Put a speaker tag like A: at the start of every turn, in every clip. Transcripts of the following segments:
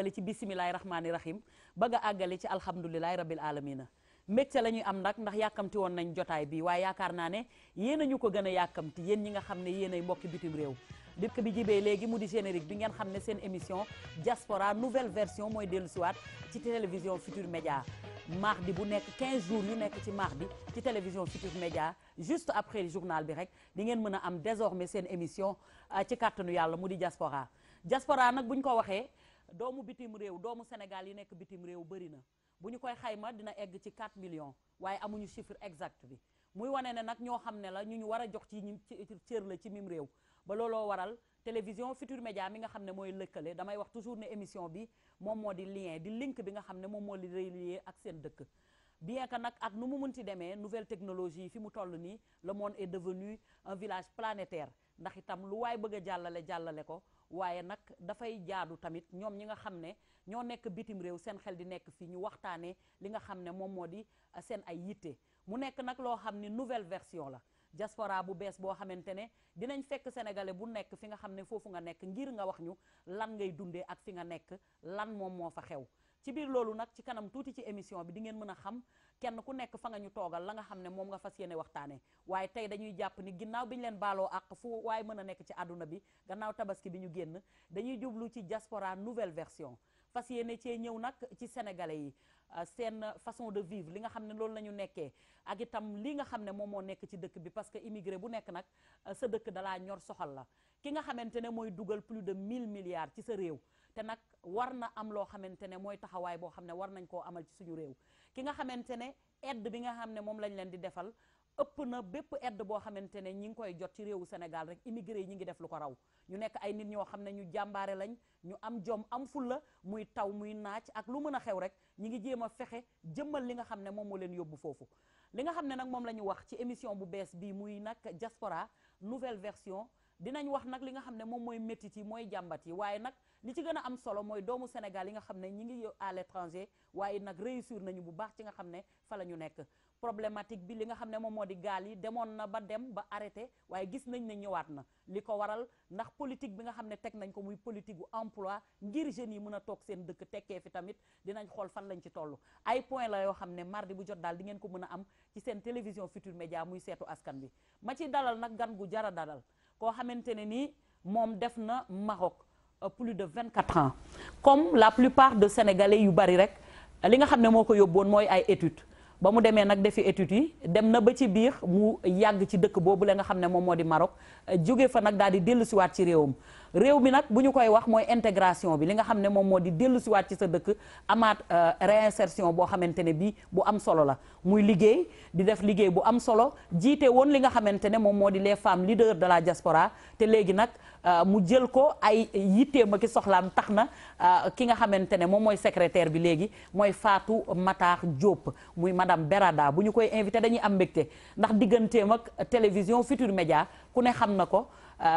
A: tàmbali ci bisimilahi rahmaani rahim ba nga àggale ci alhamdulilahi rabil alamina mbégte la am nag ndax yàkkamti woon nañ jotaay bi waaye yaakaar naa ne yéen a ñu ko gën a yàkkamti yéen ñi nga xam ne yéen ay mbokki bitim réew dëkk bi jibee léegi mu di générique bi ngeen xam ne seen émission diaspora nouvelle version mooy dellu siwaat ci télévision Futur Média mardi bu nekk 15 jours yu nekk ci mardi ci télévision Futur Média juste après le journal bi rek di ngeen mën a am désormais seen émission euh, ci kàttanu yàlla mu di diaspora diaspora ko waxee doomu bitim réew doomu Sénégal yi nekk bitim réew bëri na bu ñu koy xayma dina egg ci 4 million waaye amuñu chiffre exact bi muy wane ne nag ñoo xam ne la ñu ñu war a jox ci cër la ci mim réew ba looloo waral télévision Futur Média mi nga xam ne mooy lëkkale damay wax toujours ne émission bi moom moo di lien di link bi nga xam ne moom moo di relier ak seen dëkk bien que nag ak nu mu munti demee nouvelle technologie fi mu toll nii le monde est devenu un village planétaire ndax lu waay bëgg a jàllale jàllale ko waaye nag dafay jaadu tamit ñoom ñi nga xam ne ñoo nekk bitim réew seen xel di nekk fii ñu waxtaanee li nga xam ne moom moo di uh, seen ay yitte mu nekk nag loo xam ni nouvelle version la diaspora bu bees boo xamante ne dinañ fekk sénégalais bu nekk fi nga xam ne foofu nga nekk ngir nga wax ñu lan ngay dundee ak fi nga nekk lan moom moo fa xew ci biir loolu nag ci kanam tuuti ci émission bi di ngeen mën a xam kenn ku nekk fa nga ñu toogal la nga xam ne moom nga fas yéene waxtaanee waaye tey dañuy jàpp ni ginnaaw bi ñu leen baaloo àq fu waaye mën a nekk ci àdduna bi gannaaw tabaski bi ñu génn dañuy jublu ci jasporaa nouvelle version fas yéene cee ñëw nag ci sénégalais yi euh, seen façon de vivre li nga xam ne loolu la ñu nekkee ak itam li nga xam ne moom moo nekk ci dëkk bi parce que immigré bu nekk nag euh, sa dëkk dalaa ñor soxal la ki nga xamante ne mooy dugal plus de 1000 milliards ci sa réew te nag war na am loo xamante ne mooy taxawaay boo xam ne war nañ koo amal ci suñu réew ki nga xamante ne aide bi nga xam ne moom lañ leen di defal ëpp na bépp aide boo xamante ne ñi ngi koy jot ci réewu Sénégal rek immigré yi ñi ngi def lu ko raw ñu nekk ay nit ñoo xam ne ñu jàmbaare lañ ñu am jom am fulla muy taw muy naaj ak lu mën a xew rek ñi ngi jéem a fexe jëmmal li nga xam ne moom moo leen yóbbu foofu li nga xam ne nag moom la ñu wax ci émission bu bees bii muy nag jaspora nouvelle version dinañ wax nag li nga xam ne moom mooy métit yi mooy jàmbat yi waaye nag li ci gën a am solo mooy doomu Sénégal yi nga xam ne ñi ngi à l'étranger waaye nag réussir nañu bu baax ci nga xam ne fa la ñu nekk problématique bi li nga xam ne moom moo di gaal yi demoon na ba dem ba arrêté waaye gis nañ ne ñëwaat na li ko waral ndax politique bi nga xam ne teg nañ ko muy politique gu emploi ngir jeunes yi mën a toog seen dëkk tekkee fi tamit dinañ xool fan lañ ci toll ay point la yoo xam ne mardi bu jot daal di ngeen ko mën a am ci seen télévision Futurs Médias muy seetu askan bi ma ci dalal nag gan gu jara dalal koo xamante ne nii moom def na Maroc euh, plus de vingt quatre ans comme la plupart de sénégalais yu bari rek li nga xam ne moo ko yóbboon mooy ay études ba mu demee nag defi études yi dem na ba ci biir mu yàgg ci dëkk boobu la nga xam ne moom moo di Maroc euh, jóge fa nag daal di dellusiwaat ci réewam. réew mi nag bu ñu koy wax mooy intégration bi li nga xam ne moom moo di dellu siwaat ci sa dëkk amaat euh, réinsertion boo xamante ne bii bu am solo la muy liggéey di def liggéey bu am solo jiite woon li nga xamante ne moom moo di les femmes leaders de la diaspora te léegi nag euh, mu jël ko ay yitteem ak soxlaam tax na euh, ki nga xamante ne moom mooy secrétaire bi léegi mooy faatu Matar Diop muy madame Berada bu ñu koy invité dañuy am mbégte ndax digganteem ak télévision Futur Média ku ne xam na ko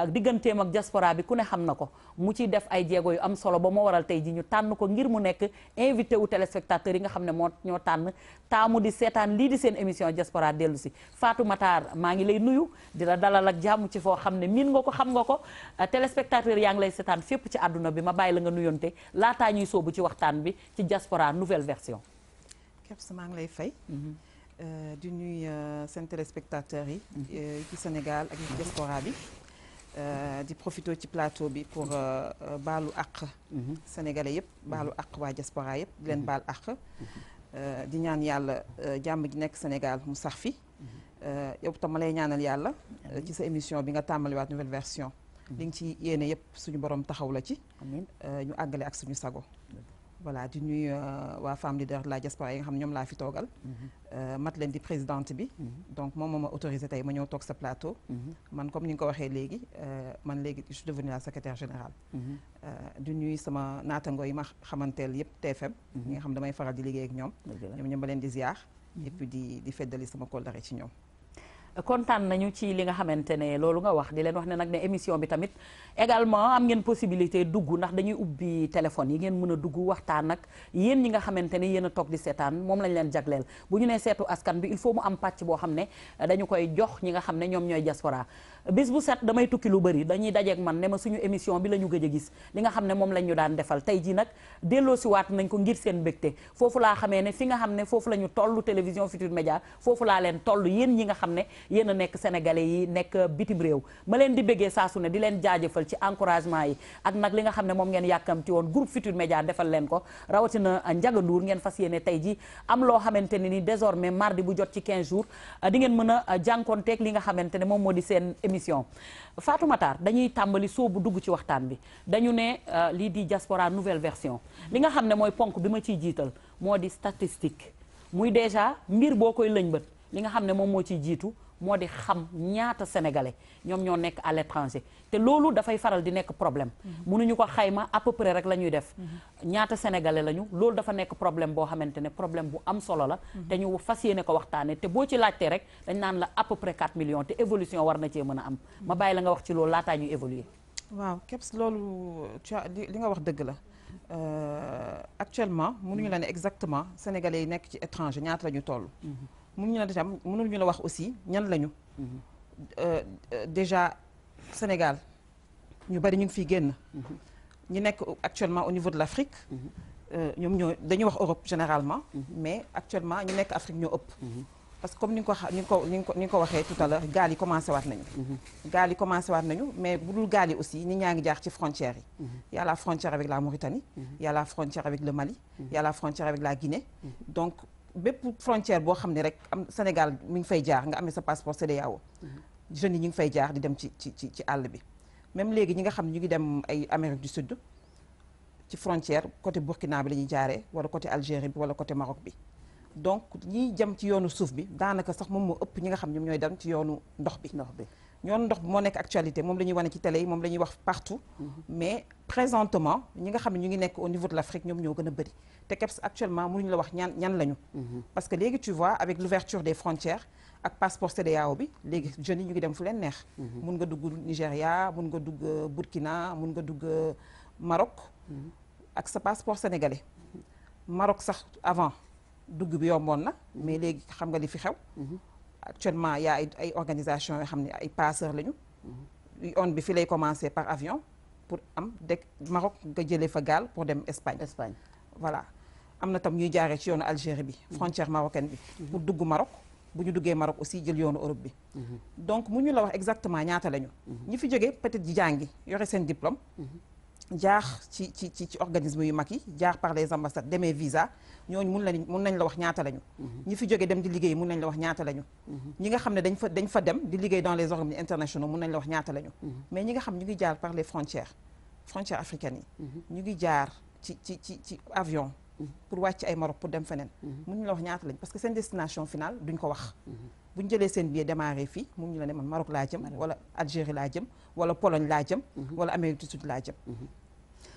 A: digganteem ak diaspora bi ku ne xam na ko mu ciy def ay jéego yu am solo ba moo waral tey ji ñu tànn ko ngir mu nekk invité wu téléspectateurs yi nga xam ne moo ñoo tànn taamu di seetaan lii di seen émission diaspora dellu si Fatou Matar maa ngi lay nuyu di la dalal ak jàmm ci foo xam ne miin nga ko xam nga ko euh, téléspectateurs yaa ngi lay seetaan fépp ci àdduna bi ma bàyyi la nga nuyonte laataa ñuy soobu ci
B: waxtaan bi ci diaspora nouvelle version Kebs maa ngi lay fay mhm. euh, di nuyu euh, seen téléspectateurs yi mhm. ci Sénégal ak bi Euh, di profité ci plateau bi pour euh, euh, baalu àq. Mhm. sénégalais yëpp baalu mhm. àq waa diaspora yëpp di leen mhm. baal àq. di ñaan yàlla jàmm ji nekk Sénégal mu sax fi. yow tam ma lay ñaanal yàlla. ci sa émission bi nga tàmbaliwaat nouvelle version. li nga ci yéene yëpp suñu borom taxaw la ci. ñu àggale ak suñu sago. voilà di nuyu euh, waa femme leader de la diaspora yi nga xam ñoom laa fi toogal. Mhm. Euh, mat leen di présidente bi. Mhm. donc moom moom ma autorisé tey ma ñëw toog sa plateau. Mhm. man comme ni nga ko waxee léegi euh, man léegi je de devenue la général générale. di nuyu sama naatango yi ma xamanteel yëpp TFM. ñi nga xam damay faral di liggéey ak ñoom. ñoom ba leen di ziar. et di di feddali sama kóllare ci ñoom.
A: kontaan nañu ci li nga xamante ne loolu nga wax di leen wax ne nag ne émission bi tamit également am ngeen possibilité dugg ndax dañuy ubbi téléphone yi ngeen mën a dugg waxtaan nag yéen ñi nga xamante ne yéen a toog seetaan moom lañ leen jagleel bu ñu nee seetu askan bi il faut mu am pàcc boo xam ne dañu koy jox ñi nga xam ne ñoom ñooy diaspora bis bu set damay tukki lu bëri dañuy dajeeg man ne ma suñu émission bi la ñu gëj gis li nga xam ne moom lañ ñu daan defal tey ji nag delloosiwaat nañ ko ngir seen mbégte foofu laa xamee ne fi nga xam ne foofu la ñu toll télévision Futurs Médias foofu laa leen toll yéen ñi nga xam ne yéen a nekk sénégalais yi nekk bitim réew ma leen di bëggee saa su ne di leen jaajëfal ci encouragement yi ak nag li nga xam ne moom ngeen yàkkamti woon groupe Futurs defal leen ko rawatina Ndiaga Ndour ngeen fas yéene tey ji am loo xamante ne ni désormais mardi bu jot ci 15 jours euh, di ngeen mën a euh, jànkonteeg li nga xamante ne moom moo di seen émission Fatou Matar dañuy tàmbali soobu dugg ci waxtaan bi dañu ne euh, lii di diaspora nouvelle version li nga xam ne mooy ponk bi ma ciy jiital moo di statistique muy déjà mbir boo koy lëñbët li nga xam ne moom moo ciy jiitu moo di xam ñaata sénégalais ñoom ñoo nekk à l'étranger te loolu dafay faral di nekk problème mënuñu mhm. ko xayma à peu près rek la ñuy def mhm. ñaata sénégalais lañu loolu dafa nekk problème boo xamante ne problème bu am solo la mhm. te ñu fas yéene ko waxtaane te boo ci laajtee rek dañ naan la à peu près 4 millions te évolution war na cee mën a am ma bàyyi la nga wax ci loolu laataa ñu
B: évoluer waaw keps loolu li nga wax dëgg la euh, actuellement mënuñu la ne exactement sénégalais yi nekk ci étranger ñaata la ñu toll mu mënuñu la tam ñu la wax aussi ñan lañu. Mhm. Euh, euh, déjà Sénégal ñu bari ñu ngi fiy génn. Mhm. ñu nekk actuellement au niveau de l'Afrique. Mhm. Euh, ñoom ñoo dañuy wax Europe généralement. mais actuellement ñu nekk Afrique ñoo ëpp. parce que comme ni nga ko ni nga ko ni ko waxee tout à l'heure gaal yi commencé waat nañu. gaal yi commencé waat nañu mais bu dul gaal yi aussi nit ñaa ngi jaar ci frontières yi. y a la frontière avec la Mauritanie. y a la frontière avec le Mali. y a la frontière avec la Guinée. bépp frontière boo xam ne rek am Sénégal mi ngi fay jaar nga amee sa passeport CEDEAO jeunes yi ñu ngi fay jaar di dem ci ci ci ci àll bi même léegi ñi nga xam ne ñu ngi dem ay Amérique du Sud ci frontière côté Burkina bi la ñuy jaaree wala côté Algérie wala côté Maroc bi donc ñiy jëm ci yoonu suuf bi daanaka sax moom moo ëpp ñi nga xam ñoom ñooy dem ci yoonu ndox bi ndox bi yoonu ndox bi moo nekk actualité moom la ñuy wane ci télé yi moom la wax partout mm-hmm. mais présentement ñi nga xam ne ñu ngi nekk au niveau de l'Afrique ñoom ñoo gën a bëri te keps actuellement ñu la wax ñan ñan lañu. Mhm. parce que léegi tu vois avec l'ouverture des frontières ak passeport CEDEAO bi léegi jeunes yi ñu ngi dem fu leen neex. Mhm. mun nga dugg Nigéria mun nga dugg euh, Burkina mun nga dugg euh, Maroc. Mhm. ak sa passeport sénégalais. Maroc sax avant dugg bi yomboon na. mais léegi xam nga li fi xew. actuellement y a ay ay organisations yoo xam ne ay passeurs lañu. on bi fi lay commencer par avion pour am dëkk Maroc nga jëlee fa gaal pour dem Espagne. Espagne. voilà am na tam ñuy jaaree ci yoonu Algérie bi mhm. frontière marocaine bi mhm. pour dugg Maroc bu ñu duggee Maroc aussi jël yoonu Europe bi mhm. donc mu ñu la wax exactement ñaata lañu ñi fi jóge peut-être ji jàngi yore seen diplôme jaax ci ci ci ci organisme yu mag yi jaar par les ambassades demee visa ñooñu mun lañ mun nañ la wax ñaata lañu ñi fi jógee dem di liggéey mun nañ la wax ñaata lañu ñi nga xam ne dañ fa dañ fa dem di liggéey dans les organismes internationaux mun nañ la wax ñaata lañu mais ñi nga xam ñu ngi jaar par les frontières frontières africaines yi ñu ngi jaar ci ci ci ci avion mhm. pour wàcc ay Maroc pour dem feneen mhm. ñu la wax ñaata lañ parce que seen destination finale duñ ko wax mhm. buñ jëlee seen billet démarré fii mun ñu la ne man Maroc laa jëm wala Algérie laa jëm wala Pologne laa jëm wala Amérique du Sud laa jëm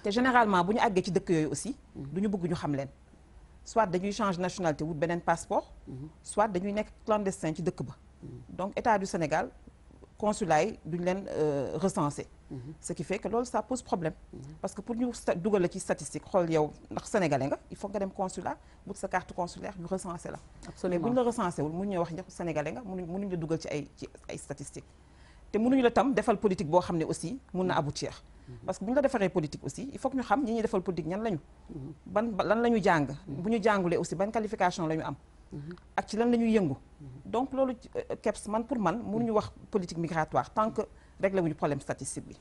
B: te généralement bu ñu àggee ci dëkk yooyu aussi duñu bëgg ñu xam leen soit dañuy change nationalité wut beneen passeport soit dañuy nekk clandestin ci dëkk ba donc état du Sénégal consulat yi duñ leen euh, recenser. Mhm. ce qui fekk loolu ça pose problème. Mhm. parce que pour ñu dugal la ci statistique xool yow ndax sénégalais nga il faut nga dem consulat wut sa carte consulaire ñu recenser la. absolument mais buñ la recenser wul mënuñu wax ndax sénégalais nga mënuñ mënuñ la dugal ci ay ci ay statistiques. te la tam defal politique boo xam ne aussi mun na mhm. aboutir. parce que bu ñu la defaree politique aussi il faut que ñu xam ñi ñuy defal politique ñan lañu. ban la ñu jàng. bu ñu jàngulee aussi ban qualification la ñu am. ak ci lan la ñuy yëngu. donc loolu keps euh, man pour man ñu wax politique migratoire tant que réglé wuñu problème statistique bi.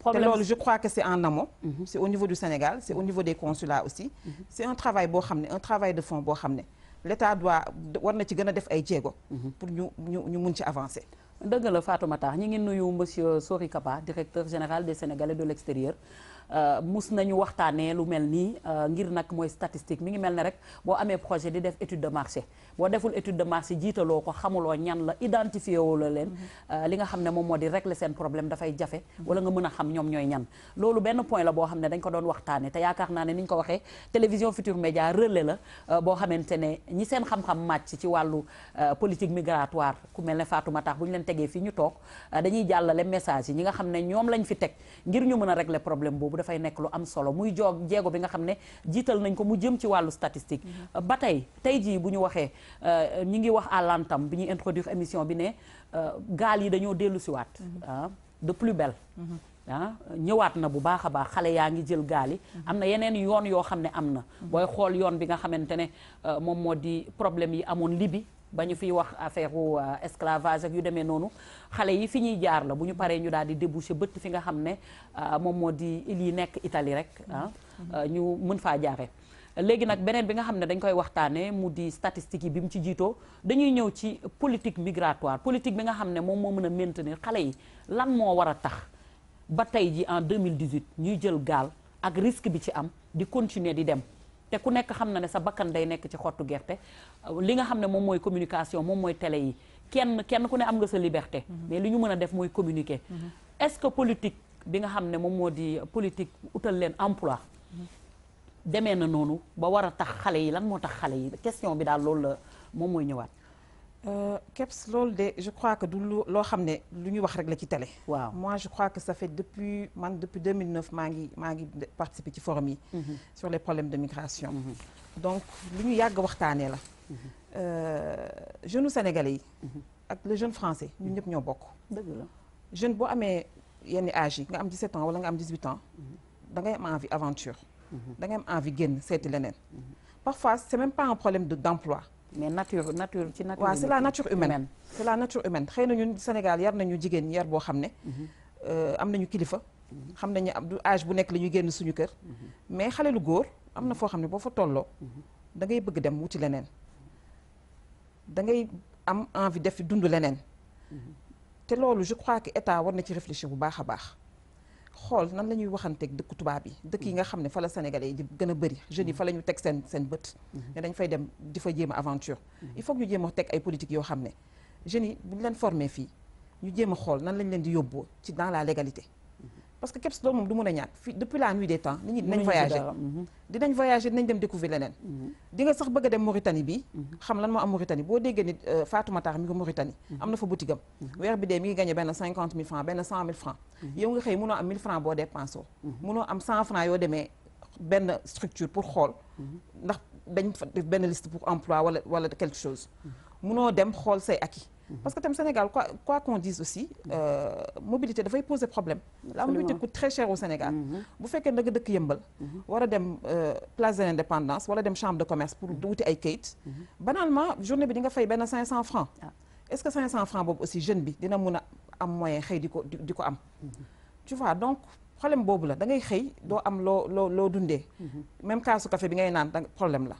B: problème te loolu je crois que c' est en amont. Mhm. c' au niveau du Sénégal c' est au niveau des consulats aussi. Mhm. c' est un travail boo xam ne un travail de fond boo xam ne l' doit war na ci gën a def ay jéego. Mhm. pour ñu ñu ñu mun ci avancer. dëgg la Fatoumata ñu ngi nuyu monsieur Sori Kaba
A: directeur général des Sénégalais de l' extérieur. Euh, mus nañu waxtaanee lu mel nii euh, ngir nag mooy statistique mi ngi mel ne rek boo amee projet di def étude de marché boo deful étude de marché jiitaloo ko xamuloo ñan la identifié woo la leen mm-hmm. euh, li nga xam ne moom moo di régler seen problème dafay jafe mm-hmm. wala nga mën a xam ñoom ñooy ñan loolu benn point la boo xam ne dañ ko doon waxtaanee te naa ne ni ñu ko waxee télévision Futurs Médias relais la boo xamante ne ñi seen xam-xam màcc ci wàllu politique migratoire ku mel ne Fatoumata bu ñu leen tegee fii ñu toog dañuy jàllale message yi ñi nga xam ne ñoom lañ fi teg ngir ñu mën a regle problème boobu dafay nekk lu am solo muy joog jeego bi nga xam ne jiital nañ ko mu jëm ci wàllu statistique mm-hmm. ba tey tey jii bu ñu waxee euh, ñu ngi wax àllantam l'entame bi ñuy introduire émission bi ne euh, gaal yi dañoo dellu siwaat mm-hmm. ah, de plus belle mm-hmm. ah, ñëwaat na bu baax a baax xale yaa ngi jël gaal yi am na yeneen yoon yoo xam ne am na booy xool yoon bi nga xamante ne euh, moom moo di problème yi amoon Libye ba ñu fiy wax affaire u euh, esclavage ak yu demee noonu xale yi fi ñuy jaar la bu ñu paree ñu daal di débouché bëtt fi nga xam ne euh, moom moo di il yi nekk Italie rek ah, mhm. euh, ñu mën faa jaare léegi nag beneen bi nga xam ne dañ koy waxtaanee mu di statistique yi bi mu ci jiitoo dañuy ñëw ci politique migratoire politique bi nga xam ne moom moo mën a maintenir xale yi lan moo war a tax ba tey ji en 2018 ñuy jël gaal ak risque bi ci am di continuer di dem te ku nekk xam na ne sa bakkan day nekk ci xottu gerte li nga xam ne moom mooy communication moom mooy télé yi kenn kenn ku ne am nga sa liberté mhm. mais li ñu mën a def mooy communiquer mhm. est-ce que politique bi nga xam ne moom moo di politique utal leen emploi mhm. demee na noonu ba war a tax xale yi lan moo tax xale yi question bi daal loolu la moom mooy ñëwaat
B: Euh, Kebs loolu de je crois que du loo xam ne lu ñuy wax rek la ci tele waaw moi je crois que sa fait depuis man depuis 2009 maa ngi maa ngi participer ci forum yi. Mhm. sur les problèmes de migration. Mhm. donc lu ñu yàgg waxtaanee la. Mhm. Euh, jeunes sénégalais yi. ak le jeune français ñun ñëpp ñoo bokk. jeune boo amee yenn âge yi nga am 17 ans wala nga am 18 ans. da ngay am envie aventure. da ngay am envie génn seeti leneen. parfois c'est même pas un problème de d'emploi. mais nature nature ci nature. waaw c'est la nature humaine c'est la xëy na ñun Sénégal yar nañu jigéen yar boo xam ne. Euh, am nañu kilifa. xam nañu ab du âge bu nekk lañuy génn suñu kër. mais xale lu góor am na foo xam ne boo fa tolloo. da ngay bëgg dem wuti leneen. da ngay am envie def dund leneen. te loolu je crois que état war na ci réfléchir bu baax a baax. xool nan la ñuy waxanteeg dëkku tubaab yi dëkk yi nga xam ne fa la sénégalais yi di gën a bëri jeunes yi fa la ñu teg seen seen bët mhm. ne dañ fay dem di fa jéem a aventure mhm. il faut ñu jéem a teg ay politique yoo xam ne jeunes yi bu ñu leen formé fii ñu jéem a xool nan lañu leen di yóbboo ci dans la légalité parce que Kebs loolu moom du mën a ñàkk fii depuis la nuit des temps nit ñi dinañ voyagé mhm. dinañ voyagé dinañ dem découvrir leneen mhm. di sax bëgg a dem Mauritanie bi mhm. xam lan moo am Mauritanie boo déggee ni euh, Fatou Matar mi ngi Mauritanie am na fa boutique am weer bi dee mi ngi gagné benn cinquante mille francs benn cent mille francs yow nga xëy mënoo am mille francs boo dépensé mënoo am cent francs yoo demee benn structure pour xool ndax dañ fa benn liste pour emploi wala wala quelque chose mënoo dem xool say acquis Mhm. parce que tam Sénégal quoi quoi qu'on dise aussi euh, mobilité dafay poser problème la mobilité coûte très cher au Sénégal mhm. bu fekkee da nga dëkk yëmbal mhm. war a dem euh, place de l'indépendance wala dem chambre de commerce pour wuti ay kayit banalement journée bi di nga fay benn cinq cent francs ah. est-ce que cinq cent francs boobu aussi jeune bi dina mun a am moyen xëy di ko di ko am tu vois donc problème boobu la da ngay xëy doo am loo loo loo dundee même kaasu café bi ngay naan problème la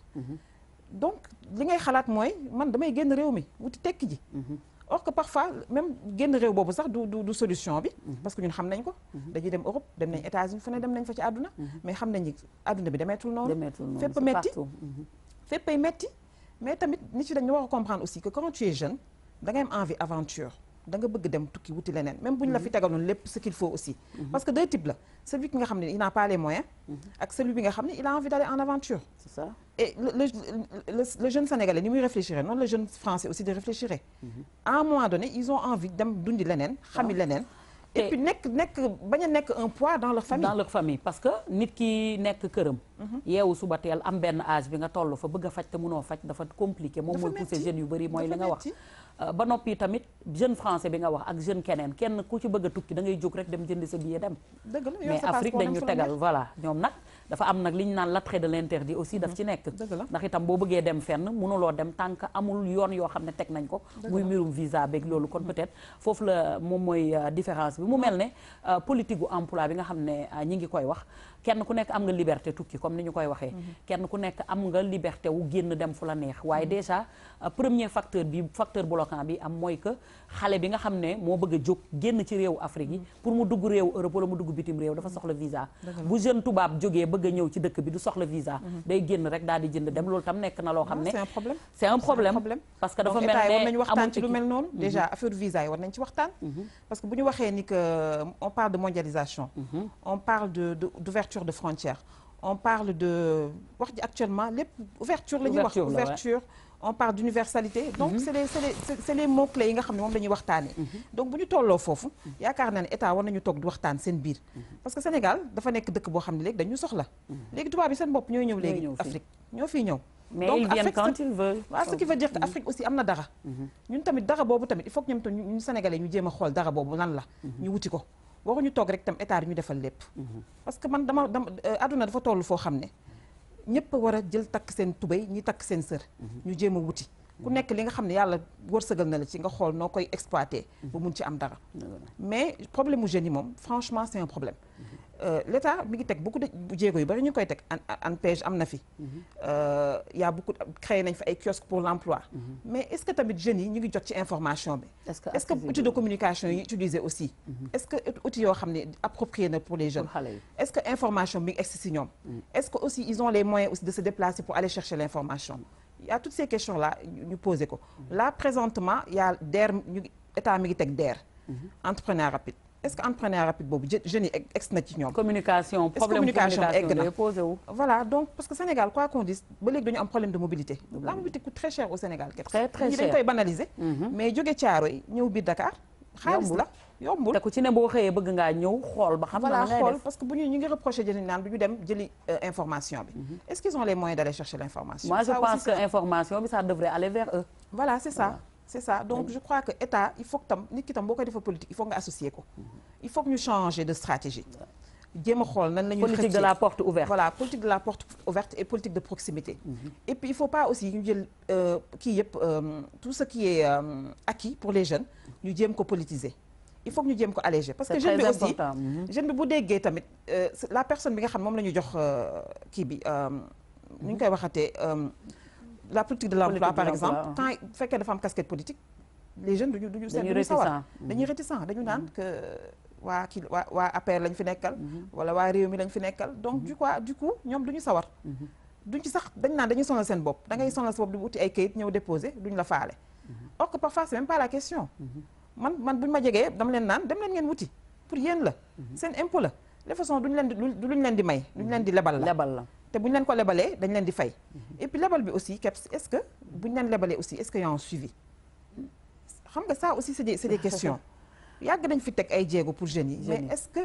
B: donc li ngay xalaat mooy man damay génn réew mi wuti tekki ji mhm. or que parfois même génn réew boobu sax du du solution bi mhm. parce que ñun xam nañ ko mhm. dañuy dem Europe dem nañ États-Unis fu ne dem nañ fa ci àdduna mais xam nañ ni àdduna bi demeetul noonu fépp metti féppay metti mais tamit nit ñi dañu war a comprendre aussi que quand tu jeune da ngay am envie aventure da nga bëgg dem tukki wuti leneen même bu ñu la fi mhm. tegaloon lépp ce qu'il faut aussi mhm. parce que deux types la celui bi nga xam ne il n'a pas les moyens mhm. ak celui bi nga xam ne il a envie d'aller en aventure c'est ça jeune sénégalais ni muy réfléchir noonu la jeune français aussi di réfléchir à un moment donné ils ont envie dem dundi leneen xami ah. leneen et puis nekk nekk bañ nekk un poids dans leur famille dans leur parce que nit ki nekk këram yeewu suba
A: teel am benn âge bi nga toll fa bëgg a faj te mënoo faj dafa compliqué moom mooy pousser jeunes yu mooy li nga wax Euh, ba noppi tamit jeune français bi nga wax ak jeune keneen kenn ku ci bëgg a tukki da ngay jóg rek dem jënd sa billet dem.
B: dëgg la mais Afrique dañu tegal
A: voilà ñoom nag. dafa am nag li ñu naan l'attrait de l'interdit aussi daf mhm. ci nekk ndax itam boo bëggee dem fenn mënuloo dem tant que amul yoon yoo xam ne teg nañ ko muy mbirum visa beeg loolu kon mhm. peut-être foofu la moom mooy euh, différence bi mu mel ne euh, politique gu emploi bi nga xam ne euh, ñu ngi koy wax kenn ku nekk am nga liberté tukki comme ni ñu koy waxee mhm. kenn ku nekk am nga liberté wu génn dem fu la neex waaye déjà premier facteur bi facteur bloquant bi am mooy que xale bi nga xam ne moo bëgg a génn ci réewu Afrique yi pour mu dugg réewu Europe wala mu dugg bitim réew dafa soxla visa bu jógee bëgg bëgg ñëw ci dëkk bi du soxla visa mhm. day génn rek daal di jënd dem loolu tam nekk na loo xam ne c'est un problème c'est un problème parce que dafa mel ne war nañu waxtaan ci lu mel noonu mhm. déjà
B: affaire visa yi war nañ ci waxtaan mhm. parce que bu ñu waxee ni euh, on parle de mondialisation on parle de d'ouverture de frontières on parle de wax ji actuellement lépp ouverture la ñuy wax ouverture on parle d'universalité donc mhm. c'est c'est c'est les mots clés yi nga xam ne moom la ñuy waxtaanee mhm. donc bu ñu tolloo foofu yaakaar naa ne état war nañu toog di waxtaan seen biir mhm. parce que Sénégal dafa nekk dëkk boo xam ne léegi dañu soxla léegi tubaab yi seen bopp ñooy ñëw léegi Afrique ñoo fii ñëw mais donc, ils viennent Afrique, quand ils Afrique aussi am na dara. ñun tamit dara boobu tamit il faut que ñoom tamit ñu Sénégalais ñu jéem a xool dara boobu nan la. ñu wuti ko waxuñu toog rek tam état ñu defal lépp. parce que man dama dama euh, dafa toll foo xam ne. ñëpp war a jël takk seen tubéy ñi takk seen sër mhm. ñu jéem a wuti ku mhm. nekk li nga xam ne yàlla wërsëgal na la ci nga xool noo koy exploité mhm. ba mun ci am dara mais problème mu jeunes yi moom franchement c'est problème Euh, l' état mi ngi teg beaucoup de jéego yu bari ñu koy teg ANPEJ am na fi. Mhm. Euh, y' a beaucoup créé nañ fa ay kiosques pour l' emploi. Mhm. mais est que tamit jeunes yi ñu ngi jot ci information bi. est ce que est ce que outil de communication yi utilisé aussi. Mhm. est ce que outil yoo xam ne approprié na pour les jeunes. est ce que information bi ngi egsi si ñoom. est que aussi ils ont les moyens de se déplacer pour aller chercher l' information. a toutes ces questions là ñu posé état mi ngi teg DER. entrepreneur rapide. est-ce que entrepreneur rapide boobu jeunes yi ex na ci ñoom. communication problème communication egg na voilà donc parce que Sénégal quoi qu'on dise ba léegi dañu am problème de mobilité. la mobilité coûte très cher au Sénégal. très très cher dañ koy banaliser. Mm-hmm. mais jóge Thiaroye ñëw biir Dakar. xaalis la yombul te ku ci ne boo xëyee bëgg ngaa ñëw xool ba xam. voilà xool parce que bu ñu ñu ngi reproché jëli naan du ñu dem jëli euh, information bi. Mm-hmm. est-ce qu'ils ont les moyens c'est ça donc je crois que état il faut tam nit ki tam boo koy defee politique il faut nga associer ko. Mm-hmm. il faut ñu changer de stratégie. jéem a xool nan la ñuy politique de la porte ouverte voilà politique de la porte ouverte et politique de proximité. Mm-hmm. et puis il faut pas aussi ñu jël euh, kii yëpp euh, tout ce qui est euh, acquis pour les jeunes ñu jéem ko politiser. il faut ñu jéem ko alléger parce que mm-hmm. jeune bi bu déggee tamit la personne bi nga xam moom la ñu jox kii bi. nu ñu koy waxatee. la politique de l'emploi par exemple quand bu fekkee dafa am casquette politique les jeunes duñu duñu seen mhm. naan mhm. waa kii waa waa APR lañ fi nekkal mhm. wala waa réew mi lañ fi nekkal donc du quoi du coup ñoom duñu sawar duñ ci sax dañ naan dañu sonal seen bopp da ngay sonal sa bopp di wuti ay kayit ñëw déposer duñ la faale or que parfois c'est même la question man man buñ ma jegee dama leen naan dem leen ngeen wuti pour yéen la seen impôt la de façon duñ leen di luñ leen di may duñ leen di lebal la lebal la te bu ñu leen ko lebalee dañ leen di fay et puis lebal bi aussi keps est-ce que buñ leen lebalee aussi est-ce que y a un suivi xam nga ça aussi c'est des c'est yàgg nañ fi teg ay jéego pour jeunes yi. mais est-ce que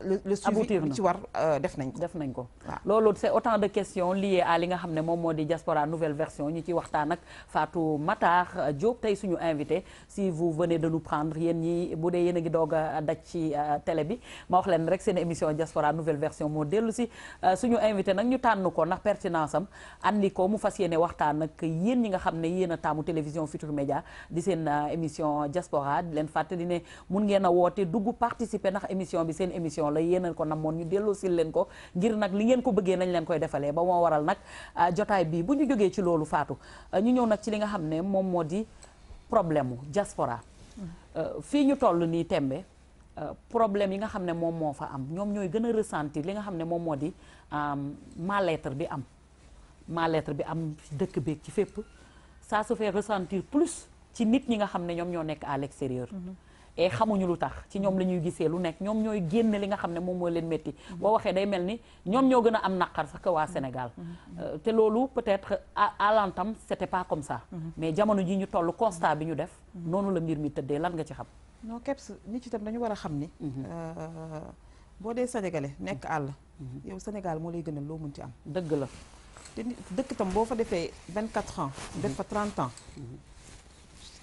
B: le le suivi bi euh, def nañ ko. def nañ ko
A: loolu c'est autant de question liées à li nga xam ne moom moo di diaspora nouvelle version ñu ci waxtaan ak faatu Matar Diop tey suñu invité si vous venez de nous prendre yéen ñi bu dee yéen a ngi doog a daj ci euh, télé bi ma wax leen rek seen émission diaspora nouvelle version moo dellu si euh, suñu invité nag ñu tànn ko ndax pertinance am andi ko mu fas yéene waxtaan ak yéen ñi nga xam ne yéen a taamu télévision Futur Média di seen émission diaspora leen fàttali ne. mun ngeen a woote dugg participer ndax émission bi seen émission la yéeneen ko namoon ñu delloo sil leen ko ngir nag li ngeen ko bëggee nañ leen koy defalee ba moo waral nag ah, jotaay bii bu ñu jógee ci loolu faatu ah, ñu ñëw nag ci li nga xam ne moom moo di problème mu diaspora ah, fii ñu toll nii tembe problème yi nga xam ne moom moo fa am ñoom ñooy gën a ressentir li nga xam ne moom moo di mal-être bi am mal-être bi am dëkk beeg ci fépp ça se fait ci nit ñi nga xam ne ñoom ñoo nekk à l'extérieur mm-hmm. et xamuñu lu tax ci ñoom la ñuy gisee lu nekk ñoom ñooy génne li nga xam ne moom moo leen métti boo waxee day mel ni ñoom ñoo gën a am naqar sax que waa Sénégal mm-hmm. Mm-hmm. Euh, te loolu peut-être à l'entame c'était pas comme ça mm-hmm. mais jamono ji ñu toll constat bi ñu def
B: noonu la mbir mi tëddee lan nga ci xam non keps nit ci tam dañu war a xam ni euh, boo dee sénégalais nekk àll yow Sénégal moo lay gënal loo mën ci am dëgg la te dëkk tam boo fa defee vingt quatre ans def fa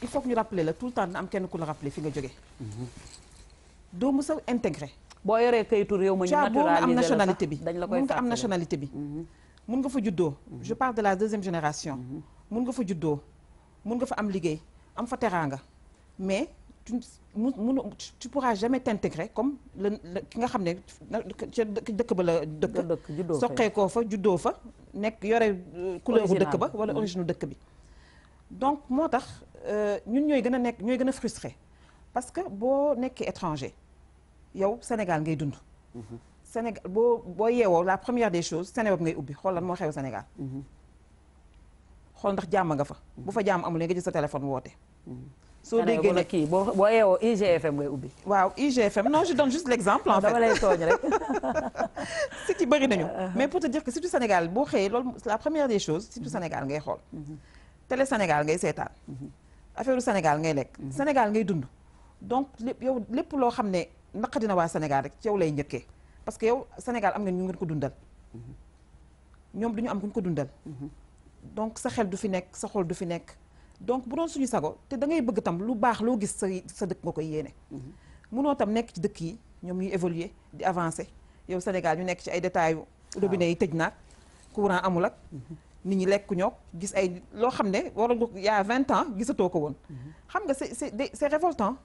B: il faut ñu rappeler la tout le temps na am kenn ku la rappeler fi nga jógee. doo mës a intégré. boo yoree kayitu réew ma ñu naturalisé am nationalité bi mun nga am nationalité bi. Mhm. mun nga fa juddoo. je parle de la deuxième génération. Mhm. mun nga fa juddoo mun nga fa am liggéey am fa teraanga mais. tu mun munu tu pourras jamais t'intégrer comme la ki nga xam ne ca dëkk ba la dëkk soqee koo fa juddoo fa nekk yore euh, couleur bu dëkk ba wala mhm. origine dëkk bi donc moo tax euh, ñun ñooy gën a nekk ñooy gën a frustré parce que boo nekkee étranger yow Sénégal ngay dund. Mhm. Sénégal boo boo yeewoo la première des choses Sénégal ngay ubbi xool lan moo xew Sénégal. Mhm. xool ndax jàmm nga fa. bu fa jàmm amulee nga sa téléphone woote. Mhm. soo déggee ne kii boo boo yeewoo IGFM ngay ubbi. waaw IGFM non je donne juste l'exemple en fait dama lay tooñ rek. si ci bëri nañu. mais pour te dire que surtout Sénégal boo xëyee loolu la première des choses surtout Sénégal ngay xool. tele Sénégal ngay seetaan affaire Sénégal ngay lekk mhm. Sénégal ngay dund donc lépp lépp loo xam ne dina waa Sénégal rek ci yow lay njëkkee parce que yow Sénégal am na ñu ngeen ko dundal mhm. ñoom du am kuñ ko dundal mhm. donc sa xel du fi nekk sa xol du fi nekk donc bu doon suñu sago te da ngay bëgg tam lu baax loo gis sa sa dëkk nga koy yéene munoo tam nekk ci dëkk yi ñoom ñuy évoluer di avancer yow Sénégal ñu nekk ci ay détails robinet yi tëj naag courant amul ak nit ñi lekk ñoog gis ay loo xam ne waroon nga yaa vingt ans gisatoo ko woon. xam nga se c'est c'est révoltant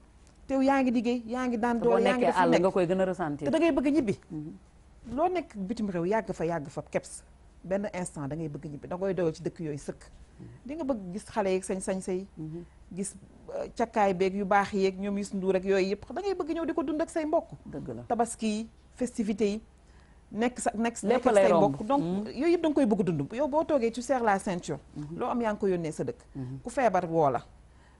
B: te yaa ngi liggéey yaa ngi daan doole yaa ngi def nga koy gën a ressentir. te da bëgg ñibbi. Mm-hmm. loo nekk bitim réew yàgg fa yàgg fa keps benn instant da ngay bëgg ñibbi da ngay doyoo ci dëkk yooyu sëkk. Mm-hmm. di nga bëgg gis xale yeeg sañ sañ say mm-hmm. gis euh, cakkaay beeg yu baax yeeg ñoom yu sunduur rek yooyu yëpp da ngay bëgg ñëw di ko dund ak say mbokk. dëgg la tabaski yi festivité yi nekk sa nekk nekk say mbokk donc mm-hmm. yooyu yëpp da koy bëgg dund yow boo toogee tu serres la ceinture mm-hmm. loo am yaa ngi ko yónnee sa dëkk mm-hmm. ku feebar woo la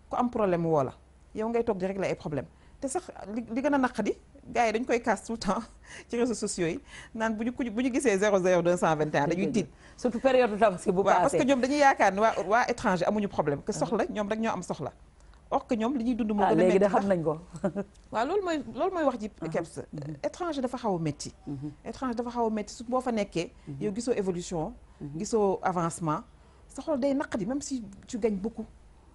B: ku am problème woo la yow ngay toog di régler ay problème te sax li li gën a naqadi gars yi dañ koy casse tout le temps ci réseaux sociaux yi naan bu ñu ku bu ñu gisee 00 221 dañuy tiit surtout période tabaski bu passé parce que ñoom dañuy yaakaar ne waa waa étranger amuñu problème que soxla ñoom rek ñoo am soxla or que ñoom li ñuy dund moo ah, gën a léegi de xam nañ ko waa loolu mooy loolu mooy wax ji ah, keps ah, étranger dafa xaw a métti mhm. étranger dafa xaw a métti su boo fa nekkee mhm. yow gisoo évolution mhm. gisoo avancement sa xol day naqari même si tu gagnes beaucoup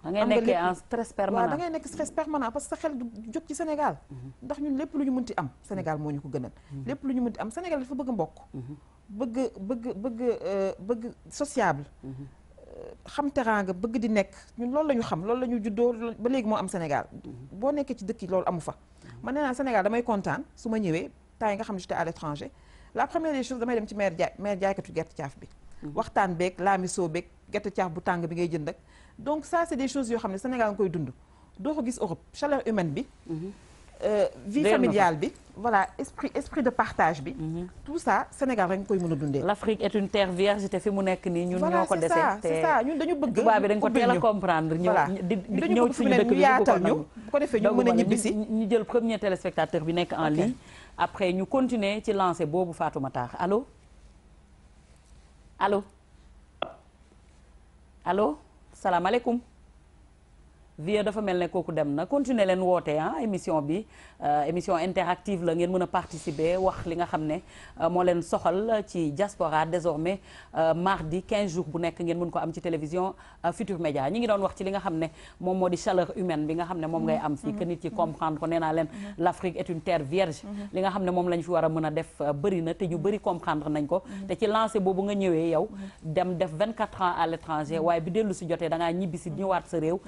B: da ngay nekkee en stress permanent da ngay nekk stress permanent parce que sa xel du jóg ci Sénégal ndax ñun lépp lu ñu mun mënti am Sénégal moo ñu ko gënal lépp lu ñu mënti am Sénégal dafa bëgg mbokk bëgg bëgg bëgg euh, bëgg sociable xam teraanga bëgg di nekk ñun loolu la ñu xam loolu la ñu juddoo ba léegi moo am Sénégal boo nekkee ci dëkk yi amu fa man nee naa Sénégal damay kontaan su ma ñëwee temps nga xam ne j'étais à l'étranger la première des choses damay dem ci maire jaay maire jaaykatu gerte caaf bi mhm. waxtaan beeg laamisoo beeg gerte caaf bu tàng bi ngay jënd ak donc ça c'est des choses yoo xam ne Sénégal nga koy dund doo ko gis Europe chaleur humaine bi mhm. Euh, vie familiale bi voilà esprit esprit de partage bi. Mhm. tout saa Sénégal rek nga koy mën a dundee. l'Afrique est une terre vierge te fi mu nekk nii ñun ñoo ko dese. te
A: dañu bëgg bi dañ ko teel a comprendre. ñëw ñëw ñu dëkk bi yaatal ñu bu ko defee ñu mën a ñibbisi ñu jël premier téléspectateur bi nekk en ligne. après ñu continuer ci lancer boobu Fatoumata Taax allo allo allo salaamaaleykum. vie dafa mel ne kooku dem na continuer leen woote ah émission bi euh, émission interactive la ngeen mën a participer wax li nga xam ne euh, moo leen soxal ci diaspora désormais euh, mardi 15 jours bu nekk ngeen mën ko am ci télévision Futur Média ñi ngi doon wax ci li nga xam ne moom moo di chaleur humaine bi nga xam ne moom ngay am fii que nit yi comprendre ko nee naa leen l'Afrique est une terre vierge li nga xam ne moom lañ fi war a mën a def bëri na te ñu bëri comprendre nañ ko ci lancé boobu nga ñëwee yow dem def 24 ans à l'étranger waaye bi dellu si jotee da ngaa ñëwaat sa réew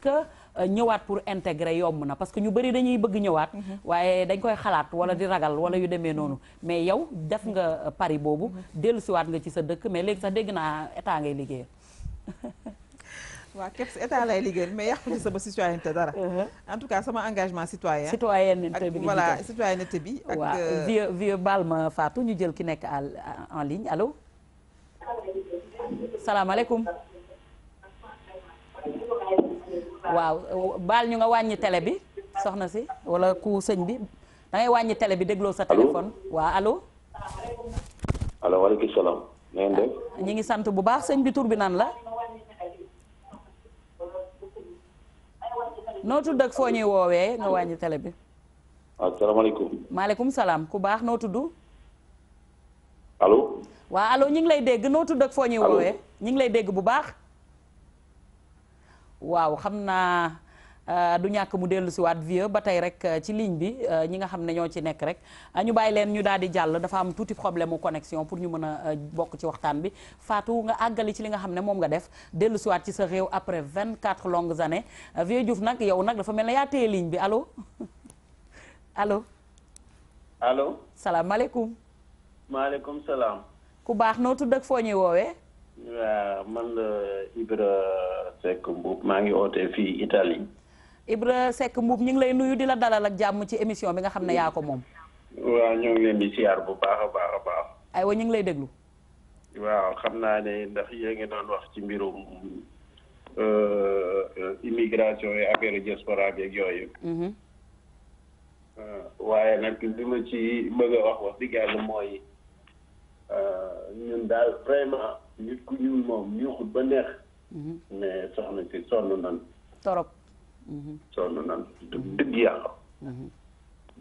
A: que euh, ñëwaat pour intégrer yomb na parce que ñu bëri dañuy bëgg ñëwaat. Mm-hmm. waaye dañ koy xalaat wala di mm-hmm. ragal wala yu demee noonu mm-hmm. mais yow def nga euh, pari boobu. siwaat nga ci sa dëkk mais léegi sax dégg naa état ngay
B: liggéeyal. waa képp si état lay liggéeyal mais yàqu ci sama citoyenneté dara. Uh-huh. en tout cas sama engagement citoyen. citoyenneté bi voilà citoyenneté bi. ak waaw
A: euh, vieux vieux baal ma Fatou ñu jël ki nekk en ligne allo. salaamaaleykum. waaw baal ñu nga wàññi tele bi soxna si walla ku sëñ bi da wàññi tele bi dégloo sa téléphone. waa alo
C: allo waaleykum salaam.
A: na ngeen ñu ngi sant bu baax sëñ bi tur bi nan la. noo tudd ak foo ñuy woowee nga wàññi télé bi. asalaamaaleykum. Ah, maaleykum salaam ku baax noo tudd. allo. waaw allo ñu ngi lay dégg noo tudd ak foo ñuy woowee. ñu ngi lay dégg bu baax. waaw xam naa euh, du ñàkk mu dellu si waat vieux ba tey rek euh, ci ligne bi euh, ñi nga xam ne ñoo ci nekk rek a ñu bàyyi leen ñu daal di jàll dafa am tuuti problème mu connexion pour ñu mën a bokk ci waxtaan bi Fatou nga àggali ci li nga xam ne moom nga def dellu si waat ci sa réew après vingt 24 longues années vieux Diouf nag yow nag dafa mel ne yaa téye ligne bi allo allo. allo. salaamaaleykum.
C: maaleykum salaam.
A: ku baax noo tudd ak foo ñuy woowee.
C: waaw man la Ibra Seck Mbuub maa ngi ootee fii itali
A: Ibra sekk mbub ñu ngi lay nuyu di la dalal ak jàmm ci émission bi nga xam ne yaa ko moom.
D: waaw ñoo ngi bu baax ñu ngi lay déglu. waaw xam naa ne ndax yéen ngi doon wax ci mbirum euh, immigration yi affaire diaspora bi ak yooyu. Mhm. Euh, waaye nag li ma ci bëgg a wax wax dëgg yàlla mooy euh, ñun daal vraiment. nit ku ñuul moom ñuuxut ba neex. Mhm. mais soxna si sonn nan. torop. Mhm. sonn nan dëgg yàlla. Mhm.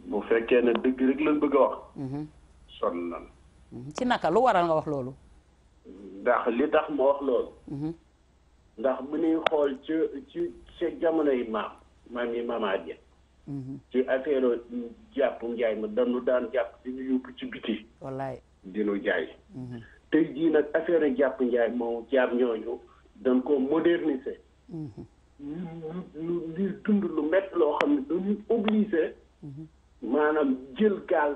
D: bu fekkee ne dëgg rek lañ bëgg a wax. sonn nan.
A: ci naka lu waral nga wax loolu.
D: ndax li tax ma wax loolu. ndax bu ñuy xool ci ci sa jamono yi maam maam yi maamaat yi. ci affaire jàpp njaay ma dañu daan jàpp di ñu yóbbu ci biti. wallaay di jaay. tey jii nag affaire jàpp njaay moom jaar ñooñu dañ ko moderniser. ñu mm-hmm. ñu dund lu métti loo xam ne dañuy obligé. Mm-hmm. maanaam jël gaal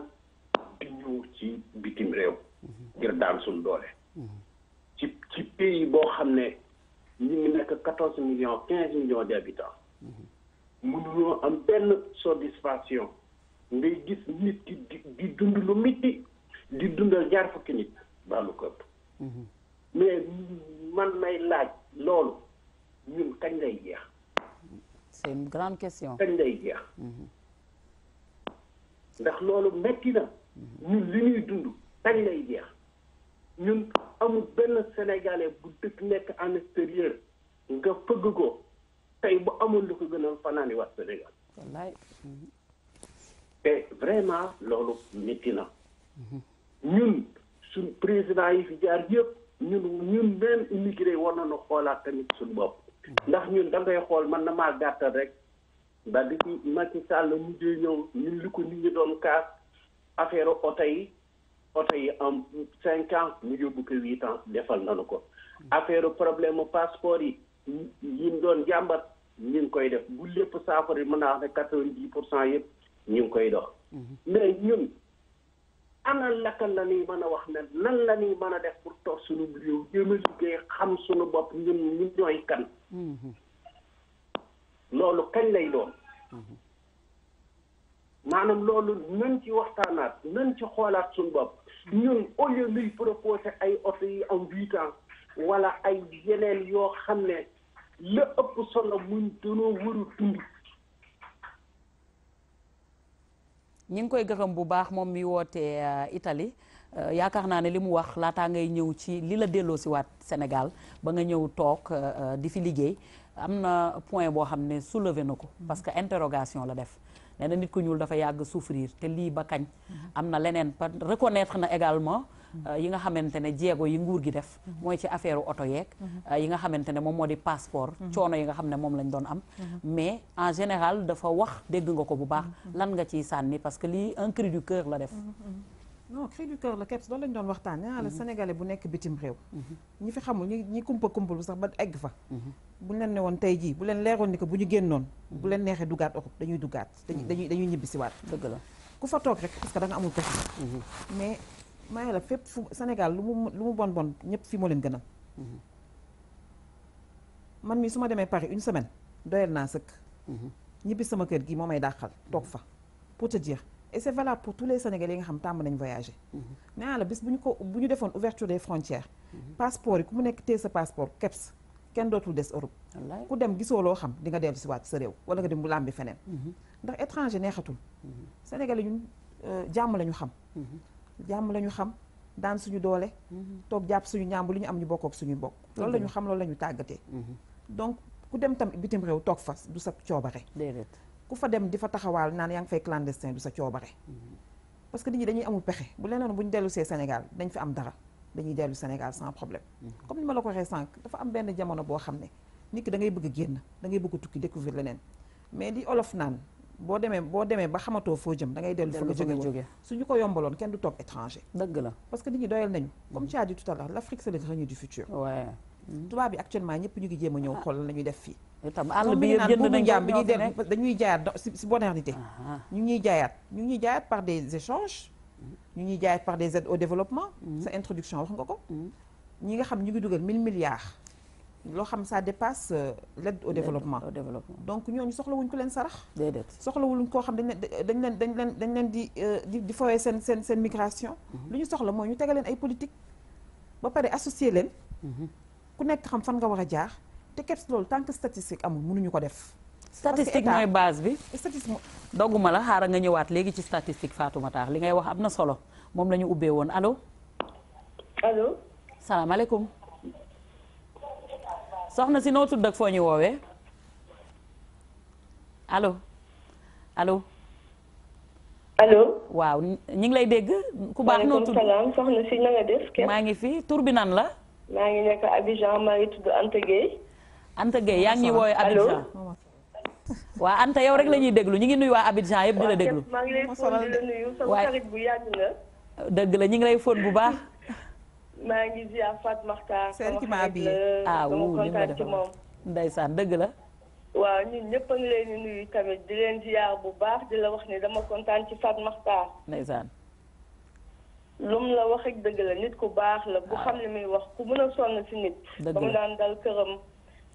D: di ñëw ci bitim réew. Mm-hmm. ngir daan suñ doole. ci ci pays boo xam ne ñu ngi nekk quatorze million quinze millions d' habitants. mënuñoo am benn satisfaction. ngay gis nit ki di di dund lu métti di dundal jaar fukki nit. baa lu ko ëpp mhm. mais man may laaj loolu ñun kañ lay jeex c'est une grande question kañ lay jeex mhm. ndax loolu metti na mhm. ñun li ñuy dund kañ lay jeex ñun amul benn sénégalais bu dëkk nekk en extérieur nga fëgg ko tey bu amul lu ko gënal fanaani wax Sénégal wallaay te vraiment loolu métti na ñun suñ président yi fi jaar yëpp ñun ñun même immigré war na nañu xoolaat tamit suñu bopp. ndax ñun da ngay xool man na maa gàttal rek ba di ci Macky Sall mujjee ñëw ñun li ko nit ñu doon kaas affaire oto yi oto yi en cinq ans mu yóbbu ko huit ans defal nañu ko. affaire problème passeport yi yi mu doon jàmbat ñu ngi koy def bu lépp yi mën naa wax ne quatre-vingt-dix pour cent yëpp ñu ngi koy dox. Mm-hmm. mais ñun. ana laka la ñuy mën a wax ne nan la ñuy mën a def pour toog suñu réew jéem a liggéey xam suñu bopp ñun ñu ñooy kan mhm. loolu kañ lay doon mhm. maanaam loolu nañ ci waxtaanaat nañ ci xoolaat suñu bopp mhm. ñun au lieu luy proposé ay oto yi am huit ans wala ay yeneen yoo xam ne la ëpp solo muñ danoo war a
A: ñu ngi koy gërëm bu baax moom mi woote euh, itali euh, yaakaar naa ne li mu wax laataa ngay ñëw ci li la delloo si waat Sénégal ba nga ñëw toog euh, di fi liggéey am na point boo xam ne soulevé na ko mm-hmm. parce que interogation la def nee na nit ku ñuul dafa yàgg souffrir te lii ba kañ mm-hmm. am na leneen pa reconnaître na également Euh, yi nga xamante ne jéego yi nguur gi def mhm. mooy ci affaire oto yeeg mhm. euh, yi nga xamante ne moom moo di passeport mhm. coono yi nga xam ne moom lañ doon am mais en général dafa wax dégg nga ko bu baax lan nga ciy sànni parce que lii un cri du cœur la def
B: non cri du cœur la keps loolu lañ doon waxtaan nee naa la sénégalais bu nekk bitim réew ñi fi xamul ñi ñi kumpa kumpa lu sax ba egg fa bu leen ne jii bu leen leeroon ni que bu génnoon bu leen neexee dugaat Europe dañuy dugaat dañuy dañuy ñibbi siwaat dëgg la ku fa toog rek parce que da nga amul maa ngi la fépp fu Sénégal lu mu lu mu bon bon ñëpp fii moo leen gënal. Mm-hmm. man mii su ma demee Paris une semaine doyal naa sëkk. Mm-hmm. ñibbi sama kër gi moo may dàqal toog fa pour te dire et c'est valable pour tous les Sénégalais yi nga xam tàmm nañ voyager. Mm-hmm. nee naa la bis bu ñu ko bu ñu defoon ouverture de frontières. passeport yi ku mu nekk téye sa passeport keps kenn dootul des Europe. ku dem gisoo loo xam di nga dellu si waat sa réew wala nga dem bu làmbi feneen. ndax étranger neexatul. Sénégalais ñun euh, jàmm la xam. jàmm la ñu xam daan suñu doole. Mhm. toog jàpp suñu ñàmb lu ñu am ñu bokk ak suñu bokk. loolu la ñu xam loolu la ñu tàggatee. Mhm. donc ku dem tam bitim réew toog fa du sa coobare. déedéet ku fa dem di fa taxawaal naan yaa ngi fay clandestin du sa coobare. Mhm. parce que nit ñi dañuy amul pexe bu leneen bu ñu dellu see Sénégal dañ fi am dara dañuy dellu Sénégal sans problème. comme ni ma la ko waxee sànq dafa am benn jamono boo xam ne nit ki da ngay bëgg a génn da ngay bëgg a tukki découvrir leneen mais di olof naan boo demee boo demee ba xamatoo foo jëm da ngay dellu fa nga jóge suñu ko yombaloon kenn du toog étranger dëgg la parce que nit ñi doyal nañu comme tu as dit tout à l'heure l'Afrique c'est le grenier du futur tubaab bi actuellement ñëpp ñu ngi jéem a ñëw xool la ñuy def fii tam àll bi yëpp jënd nañ jaam ñuy dañuy jaayaat si si modernité ñu ñuy jaayaat ñu ñuy jaayaat par des échanges ñu ñuy jaayaat par des au développement mm. sa introduction wax nga ko mm. ñi nga xam ñu ngi dugal mille milliards loo xam ça dépasse euh, l'aide au développement donc ñooñu soxlawuñ ko leen sarax déedéet soxlawuñ koo xam dañ dañ leen dañ leen dañ leen di euh, di fowee seen seen seen migration mhm. lu ñu soxla mooy ñu tegal leen ay politique ba pare associer leen mhm. ku nekk xam fan nga war a jaar te ket loolu tant que statistique amul mënuñu ko def statistique mooy
A: base bi statistique dogguma la xaaral nga ñëwaat léegi ci statistique Fatou taax li ngay wax am na solo moom la ñu ubbee woon allo allo salaamaaleykum soxna si nootu tudd foo ñu woowee alo allo. waaw ñu ngi lay dégg. ku baax noo tudd salaam
E: soxna si na nga
A: maa ngi fi tur bi nan la.
E: maa ngi nekk Abidjan maa ngi tudd Anta Gueye. yaa ngi ñuy woowee Abidjan.
A: waa Anta yow rek la déglu ñu ngi nuyu waa Abidjan yëpp di déglu. bu yàgg na. dëgg la ñu ngi lay fóon bu baax.
E: maa ngi ziar Fatou Makhtar. seen ah, ci maa bi ah wuu li nga def
A: ndeysaan dëgg la.
E: waaw ñun ñëpp a ngi leen di nuyu tamit di leen ziar bu baax di la wax ne dama kontaan ci Fatou Makhtar. ndeysaan. lu mu la wax ak dëgg la nit ku baax la bu ah. xam ne muy wax ku mën a sonn si nit. ba mu daan dal këram.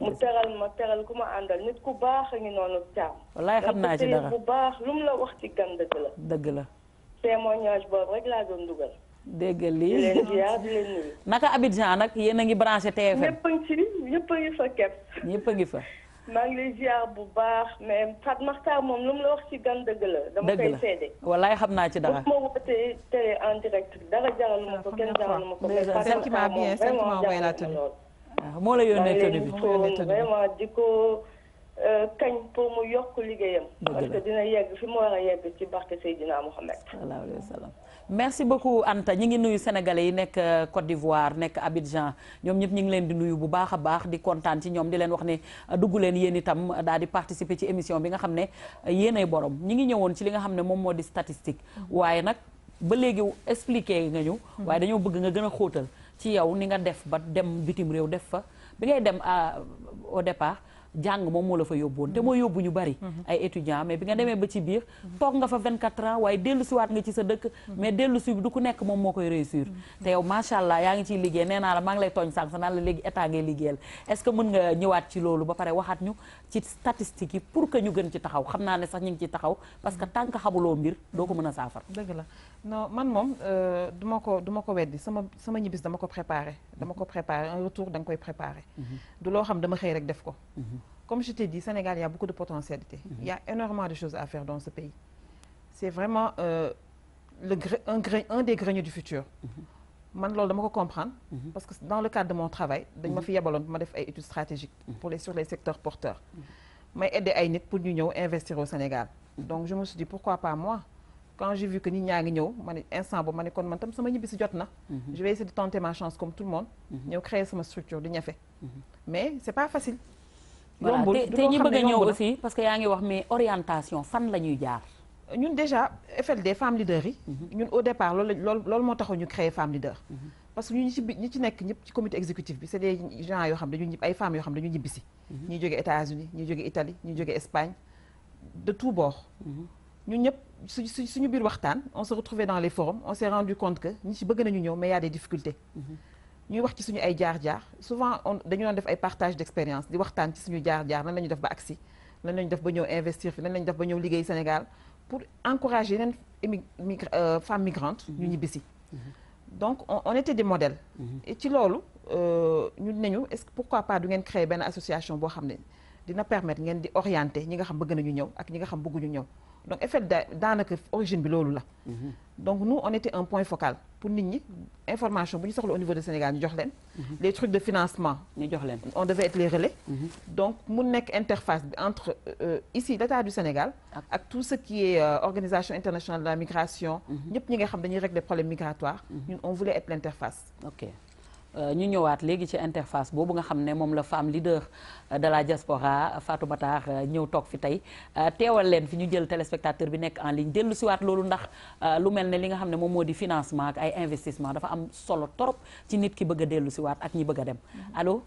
E: mu teral ma teral ku ma àndal nit ku baax a ngi noonu caam.
A: wallaay xam naa ci dara bu
E: baax lu mu la wax ci gan dëgg la. dëgg la. témoignage boobu rek laa doon dugal.
A: dégg lii naka Abidjan nag yéen a ngi branché TFM. ñëpp
E: a ngi ci ñëpp fa kepp. ñëpp a ngi fa. maa ngi lay bu baax mais Fat Maxtar moom lu mu la wax ci gan dëgg la. dama koy seede.
A: wallaay xam naa ci dara moo
E: ma wootee télé en direct dara jaralu ma ko kenn jaralu ma ko. mais Fat Maxtar moom vraiment jaralu ma
A: lool. moo la yónnee tenu bi vraiment
E: di ko euh, kañ pour mu yokk liggéeyam. parce la dina yegg fi mu war a yegg ci barke Seydina Mouhamed. sallallahu alayhi wa sallam.
A: merci beaucoup Anta ñi ngi nuyu sénégalais yi nekk euh, Côte d'Ivoire nekk Abidjan ñoom ñëpp ñu ngi leen di nuyu bu baax a baax di kontaan ci ñoom di leen wax ne euh, dugg leen yéen itam euh, daal di participer ci émission bi nga xam ne yéenay boroom ñi ngi ñëwoon ci li nga xam ne moom moo di statistique mm-hmm. waaye nag ba léegi expliquer nga ñu mm-hmm. waaye dañoo bëgg nga gën a xóotal ci yow ni nga def ba dem bitim réew def fa bi ngay dem au départ jàng moom moo la fa yóbboon te moo yóbbu ñu bari mhm. ay étudiants mais bi nga demee ba ci biir mhm. toog nga fa 24 ans waaye dellu siwaat nga ci sa dëkk mhm. mais dellu si du ku nekk moom moo koy réussir te yow macha allah yaa ngi ciy liggéey nee naa la maa ngi lay tooñ sànq sa naan la léegi état ngay liggéeyal est-ce que mën nga ñëwaat ci loolu ba pare waxaat ñu ci statistiques yi pour que ñu gën ci taxaw xam naa ne sax ñu ngi ci taxaw parce que tant que xamuloo mbir ko mën a saafara la
B: non man moom euh, ma ko du ma ko weddi sama sama ñibbis dama ko préparé dama ko mhm. préparé un retour da koy préparé mhm. du loo xam dama xëy rek def ko mhm. comme je t'ai dit Sénégal il y a beaucoup de potentialité il y a énormément de choses à faire dans ce pays c'est vraiment euh, le un, un des greniers du futur man loolu dama ko comprendre parce que dans le cadre de mon travail dañ ma fi yebaloon ma def ay études stratégiques pour les sur les secteurs porteurs may aider ay nit pour ñu ñëw investir Sénégal donc je me suis dit quand j'ai vu que nit ñaa ngi ñëw ma ne instant boobu ma ne kon man tam sama ñibbi si jot na. Mhm. je vais essayer de tenter ma chance comme tout le monde. Mhm. ñëw créer sama structure di ñafe. Mhm. mais c'est pas facile. te ñi bëgg a ñëw aussi parce que yaa ngi wax mais orientation fan la jaar. ñun déjà FLD femmes leaders yi. ñun au départ loolu loolu loolu moo taxoon ñu créer femmes leaders. parce que ñu ci bi ñi ci nekk ñëpp ci comité exécutif bi c'est des gens yoo xam dañu ñibbi si. ñun ñëpp su su suñu biir waxtaan on se retrouvait dans les forums on s'est rendu compte que ñi ci bëgg nañu ñëw mais y a des difficultés mm-hmm. ñuy wax ci suñu ay jaar-jaar souvent on dañu doon def ay partage d'expérience di waxtaan ci suñu jaar-jaar lan la ñu def ba agsi lan la def ba ñëw investir fi lan la def ba ñëw liggéey Sénégal pour encourager yeneen émigré euh, femmes migrantes mm-hmm. ñu ñibbisi mm-hmm. donc on, on était des ci loolu euh, ñun nañu est-ce que pourquoi pas du ngeen créer benn association boo xam ne dina permettre ngeen di orienter ñi nga xam bëgg nañu ñëw ak ñi nga xam bëgguñu ñëw donc effet daanaka origine bi loolu la. Mhm. donc nous on était un point focal pour nit ñi information bu ñu soxla au niveau de Sénégal ñu jox leen. Mhm. les trucs de financement. ñu jox leen on devait être relais. Mhm. donc mu nekk interface bi entre euh, ici l'état du Sénégal. ak tout ce qui est euh, organisation internationale de la migration. ñëpp ñi nga xam dañuy régler problème migratoire. ñun on voulait être l'interface. Euh, ñu ñëwaat léegi ci
A: interface boobu nga xam ne moom la femme leader euh, de la diaspora Fatou Matar euh, ñëw toog fi tey teewal leen fi ñu jël téléspectateur bi nekk en ligne dellu siwaat loolu ndax lu mel ne li nga xam ne moom moo di financement ak ay investissement dafa am solo torop ci nit ki bëgg a dellu siwaat ak ñi bëgg a dem mm-hmm. allo.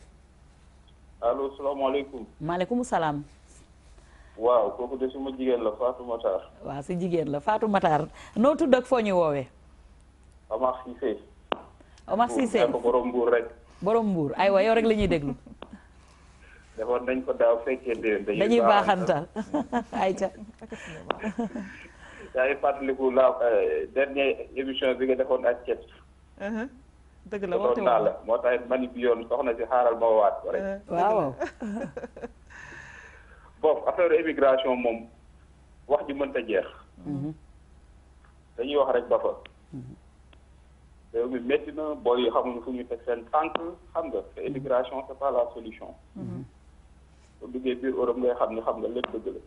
D: allo salaamaaleykum.
A: maaleykum salaam.
D: waaw kooku de suma jigéen la Fatou Matar.
A: waaw si jigéen la Fatou Matar noo tudd ak foo ñu woowee.
D: Omar oh, Cissé borom mbuur rek.
A: borom mbuur aywa yow rek la ñuy déglu.
D: defoon nañ ko daaw fekkee déedéet. dañuy baaxantal
B: ayca.
D: yaa ngi fàttaliku la eh, bi nga defoon ak ceeb. Uh-huh. dëgg la woote naa la moo tax it bi yoon soxna si xaaral ma waat ko rek.
F: Uh-huh. waaw.
D: bon affaire immigration moom wax ji mënta jeex. Mm-hmm. dañuy wax rek ba fa. Mm-hmm. réew mi métti na booy yi xamuñu fu ñu teg seen tànk xam nga te mm-hmm. immigration c'est la solution.
A: bu mm-hmm.
D: duggee biir ngay xam ne xam nga lépp dëgg la.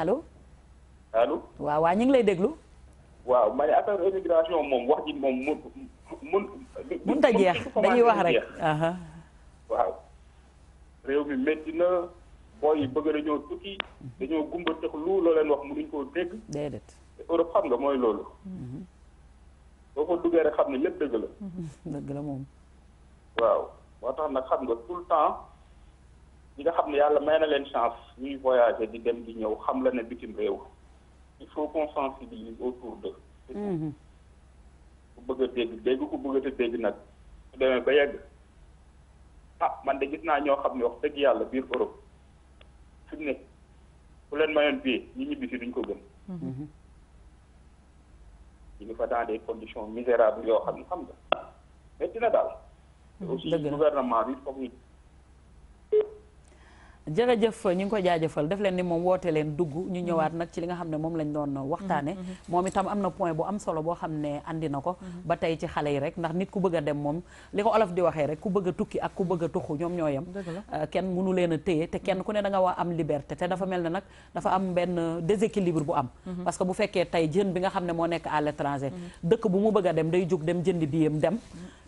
D: allo. Mm-hmm. allo.
A: waaw waaw ñu ngi lay déglu.
D: waaw ma ne affaire immigration moom wax ji moom mun mun. mun
A: ta dañuy wax rek
D: waaw. réew mi métti na booy yi bëgg dañoo tukki dañoo gumba tëx lu loo leen wax mënuñ koo dégg. déedéet. Europe xam nga mooy loolu. Mhm. boo ko duggee rek xam ne lépp dëgg la.
A: Mhm. dëgg la moom.
D: waaw moo tax nag xam nga tout le temps ñi nga xam ne yàlla may na leen chance ñuy voyager di dem di ñëw xam la ne bitim réew. il faut qu'on sensibilise autour de. Mhm. ku bëgg a dégg dégg ku bëgg a dégg nag su demee ba yegg ah man de gis naa ñoo xam ne wax dëgg yàlla biir Europe fi mu ne ku leen mayoon bii ñu ñibbisi duñ ko gën. ñu ngi fa dans des conditions misérables yoo xam ne xam nga métti na daal. Mm-hmm. aussi gouvernement bi foog ñu
A: jërëjëf ñu ngi ko jaajëfal def leen moom woote leen dugg ñu ñëwaat mm-hmm. nag ci li nga xam ne moom lañ doon waxtaane mm-hmm, mm-hmm. moom itam am na point bu am solo boo xam ne andi na ko ba tey ci xale yi rek ndax nit ku bëgg a dem moom li ko olof di waxee rek ku bëgg tukki ak ku bëgg a tuxu ñoom ñoo yem euh, kenn mënu leen a téye te kenn ku ne da nga war am liberté te dafa mel ne nag dafa am benn déséquilibre bu am parce que bu fekkee tey jën bi nga xam ne moo nekk à l'étranger dëkk bu mu bëgg dem day jóg dem jëndi biyam dem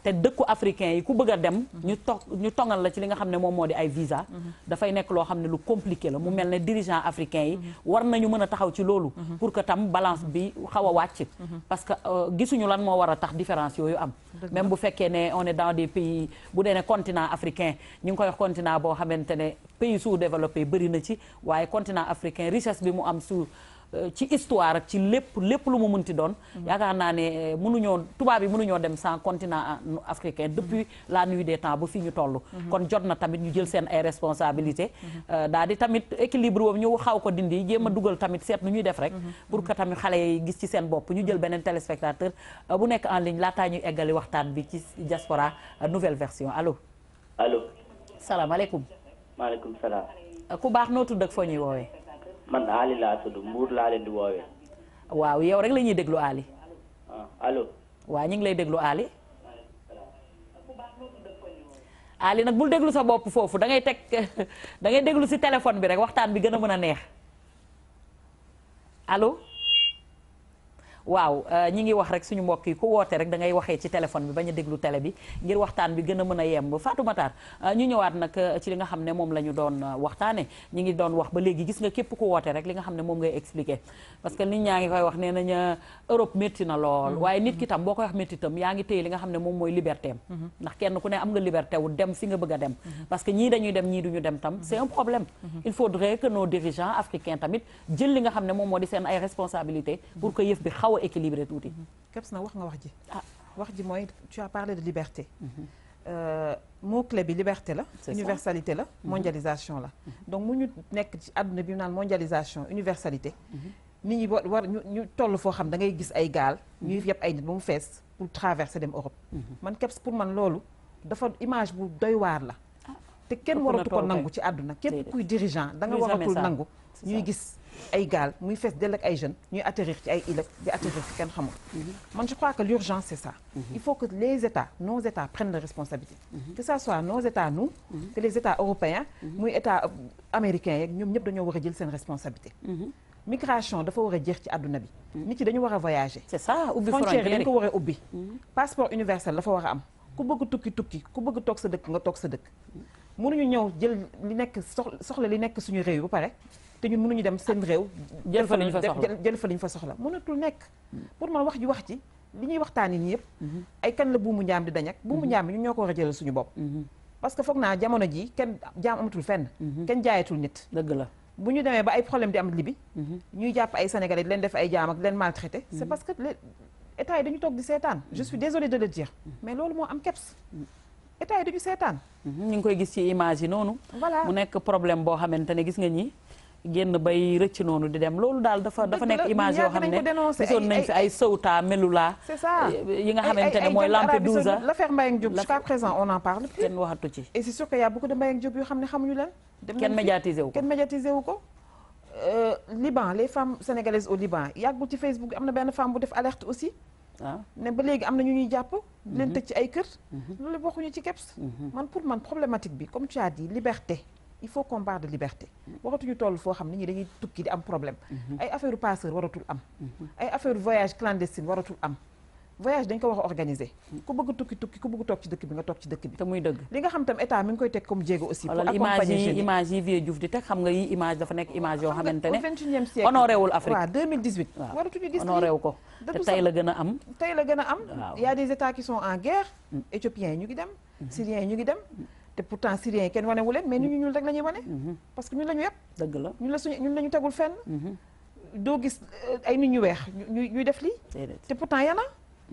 A: te dëkku africain yi ku bëgg a dem ñu toog ñu tongal la ci li nga xam ne moom moo di ay visa dafay nekk loo xam ne lu compliqué la mu mel ne dirigeant africain yi war nañu mën a taxaw ci loolu pour que tam balance bi xaw a wàcc parce que euh, gisuñu lan moo war a tax différence yooyu am même bu fekkee ne on est dans des pays bu dee ne continent africain ñu ngi koy wax continent boo xamante ne pays sous-développé bari na ci waaye continent africain richesse bi mu am su Euh, ci histoire ak ci lépp lépp lu mu mun ti doon mhm. yaakaar naa ne euh, mënuñoo tubaab yi mënuñoo dem sans continent euh, africain depuis mhm. la nuit des temps ba fii ñu toll mhm. kon jot na tamit ñu jël seen ay responsabilité daal di tamit équilibre boobu ñu xaw ko dindi jéem a dugal tamit seet nu ñuy def rek pour que tamit xale yi gis ci seen bopp ñu jël beneen téléspectateur bu nekk en ligne laataa ñuy eggali waxtaan bi ci diaspora nouvelle version allo allo salaam ku baax noo foo ñuy woowee
D: man Ali laa tudd Mbour laa leen di woowee.
A: waaw yow rek la ñuy déglu Ali. Ah, allo. waaw ñu ngi lay déglu Ali. Ali nag bul déglu sa bopp foofu da ngay teg da ngay déglu si téléphone bi rek waxtaan bi gën a mën a neex allo. waaw euh, ñi ngi wax rek suñu mbokk ku woote rek da ngay waxee ci téléphone bi bañ a déglu télé bi ngir waxtaan bi gën a mën a yemb Fatou Matar euh, ñu ñëwaat nag euh, ci li nga xam ne moom la ñu doon waxtaane ngi doon wax ba léegi gis nga képp ku woote li nga xam ne moom ngay expliqué parce mm-hmm. boo koy wax métti tam yaa mm-hmm. a dem mm-hmm. parce que moo di seen ay
B: responsabilité pour que yëf bi xaw xaw a équilibré tuuti. keps na wax nga wax ji. Ah. wax ji mooy tu as parlé de liberté. Mhm. Euh, mot clé bi liberté la. universalité la mhm. mondialisation la. Mhm. donc mu ñu nekk ci àdduna bi naan mondialisation universalité. ni ñi boo war ñu ñu toll foo xam da ngay gis ay gaal. ñuy yëpp ay nit ba mu fees pour traverser dem Europe. man keps pour man loolu dafa image bu doy waar la. Ah. te kenn waratu ko nangu ci àdduna képp kuy dirigeant da waratul nangu ñuy gis. ay gaal muy fes dell ak ay jeunes ñuy atterrir ci ay îles di atterrir ci kenn xamul mhm. man je crois que l'urgence c'est ça mhm. que les états nos états prennent les responsabilités mhm. que ça soit nos états nous que les états européens muy états euh, américains yeeg ñoom ñëpp dañoo war a jël seen responsabilité migration dafa war a jeex ci àdduna bi nit ñi dañu war a voyager c'est ça ubbi frontière yi dañ ko war a ubbi passeport universel dafa war a am ku bëgg tukki tukki ku bëgg toog sa dëkk nga toog sa dëkk mënuñu ñëw jël li nekk soxla li nekk suñu réew yi ba pare te ñun mënuñu dem seen réew. jël fa liñ fa soxla fa liñ fa soxla mënatul nekk. pour man wax ji wax ci li ñuy waxtaanee nii yëpp. Mhm. ay kan la buumu njaam di dañ ak. buumu mhm. njaam bi ñun ñoo ko war a jëlal suñu bopp. Mhm. parce que foog naa jamono ji kenn jaam amatul fenn. kenn jaayatul nit. dëgg la bu ñu demee ba ay problème di am libi ñuy jàpp ay sénégalais di leen def ay jaam leen maltraité. c'est parce que état yi dañu togg di seetaan je suis désolée de le dire mais loolu moo am keps état seetaan. ñu ngi koy gis ci image yi noonu. voilà mu
A: nekk problème boo xamante ne gis nga ñi génn bay rëcc noonu di dem loolu daal dafa dafa nekk image yoo xam ne gisoon nañ fi ay Ceuta Melula c'est ça euh, yi nga xamante ne mooy Lampedusa l'affaire
B: Mbayang Diop jusqu'à présent en parle kenn waxatu ci et c'est sûr que a beaucoup de Mbayang Diop yoo xam ne xamuñu leen wu ko kenn médiatisé wu ko euh, Liban les femmes sénégalaises au Liban yàggul ci Facebook am na benn femme bu def alerte aussi waaw ah. ne ba léegi am na ñu ñuy jàpp leen mhm. tëj ci ay kër mhm. loolu waxuñu ci keps mhm. man pour man problématique bi comme tu as dit liberté il faut combat de liberté waxatuñu toll foo xam ne ñi dañuy tukki di am problème mhm. ay affaire passeur waratul am mhm. ay affaire voyage clandestine waratul am voyage dañ ko wax a organisé mhm. ku bëgg tukki tukki ku bëgg toog ci dëkk bi nga toog ci dëkk bi te muy dëgg li nga xam tam état mi ngi koy teg comme jéego aussi yi
A: image yi vieux xam nga yi image dafa nekk image yoo xamante ne
B: vingt-et-unième te tey la gën a am tey la gën a am y a des états qui sont en guerre mm. éthiopiens ñu ngi dem mm-hmm. syriens ngi dem mm. te pourtant Syriens yi kenn wane wu leen mais nit ñu ñuul rek la ñuy wane. Mm-hmm. parce que ñun la ñu dëgg la ñu la suñu ñun lañu ñu tegul fenn. Mm-hmm. doo gis euh, ay nit ñu weex ñuy def lii. te pourtant yana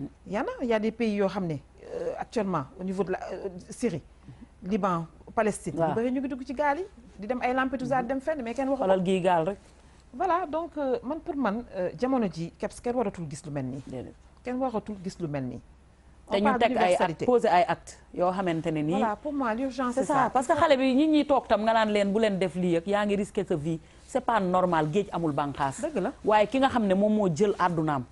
B: mm-hmm. en a. y a des pays yoo xam ne euh, actuellement au niveau de la euh, Syrie Liban Palestine. waaw ñu ñu ngi dugg ci gaal yi. di dem ay a dem fenn mais kenn waxu. xoolal gii gaal rek. voilà donc man pour man jamono ji keps kenn waratul gis lu mel nii. kenn waratul gis lu mel nii. te ñu teg ay acte poser ay yoo xamante ne nii. voilà pour moi parce que xale bi ñi ñuy toog
A: tam nga naan leen bu leen def li ak yaa ngi risquer sa vie c'est pas normal géej amul bànqaas. dëgg la waaye ki nga xam ne moom moo jël àddunaam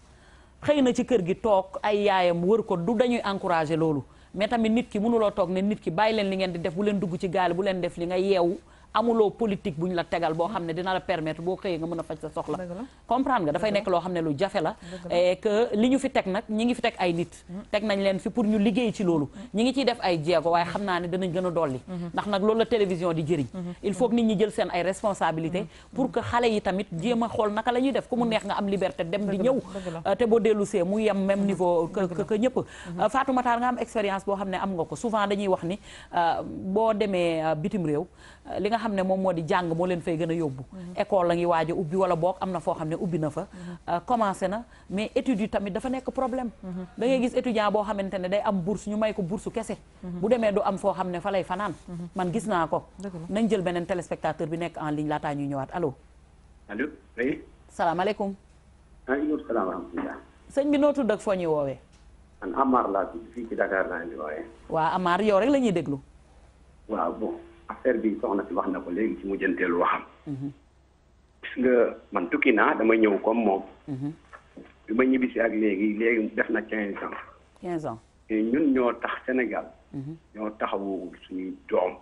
A: xëy na ci kër gi toog ay yaayam wër ko du dañuy encourager loolu mais tamit nit ki munuloo toog ne nit ki bàyyi leen li ngeen di def bu leen dugg ci gaal bu leen def li nga yeewu amuloo politique bu ñu la tegal boo xam ne dina la permettre boo xëyee nga mën a faj sa soxla comprendre nga dafay nekk loo xam ne lu jafe la et li ñu fi teg nag ñi ngi fi teg ay nit mm-hmm. teg nañ leen fi pour ñu liggéey ci loolu mm-hmm. ñi ngi ciy def ay jéego waaye xam naa ne danañ gën a dolli mm-hmm. ndax nag loolu la télévision di jëriñ il faut que nit ñi jël seen ay responsabilité pour que xale yi tamit jéem a xool naka la ñuy def ko mu neex nga am liberté dem di ñëw euh, te boo dellusee mu yem même niveau que ñëpp euh, Fatou Matar nga am boo xam ne am nga ko souvent dañuy wax ni euh, boo demee bitim réew li nga xam ne moom moo di jàng moo leen fay gën a yóbbu mhm. école la ngi waaj ubbi wala boog am na foo xam ne ubbi na fa mhm. euh, commencé na mais études yi tamit dafa nekk problème mhm. da ngay gis étudiant boo xamante ne day am bourse ñu may ko bourse kese bu demee du am foo xam ne fa lay fanaan man gis naa ko nañ jël beneen téléspectateur bi nekk en ligne laataa ñuy ñëwaat allo
D: allo oui ah,
A: sëñ bi noo foo ñuy woowee yow rek la ñuy déglu
D: affaire bi soxna si wax na ko léegi ci mujjanteelu waxam. Mhm. gis nga man tukki naa dama ñëw comme moom. Mhm. bi ma ñibbisi ak léegi léegi def na quinze ans. quinze ans te ñun ñoo tax Sénégal. Mhm. ñoo taxawu suñuy doom.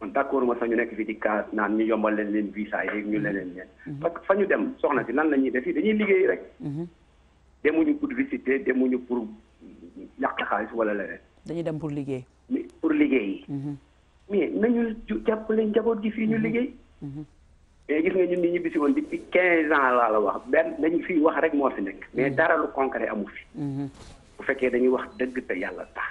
D: man d'accord ma sax ñu nekk fii ci cas naan ñu yombal leen leen visa yeeg ñu leneen leen. parce fa ñu dem soxna si nan la ñuy def fii dañuy liggéey rek. demuñu pour visiter demuñu pour yàq xaalis wala leneen. dañuy dem pour liggéey. pour liggéey. mais nañu lañ jaboot gi fii ñu mhm. liggéey. Mhm. mais gis nga ñun ni ñibbisi woon depuis quinze ans laa la wax benn dañ fii wax rek moo fi nekk. mais mhm. dara lu concret amu fi. bu fekkee dañuy wax dëgg te yàlla tax.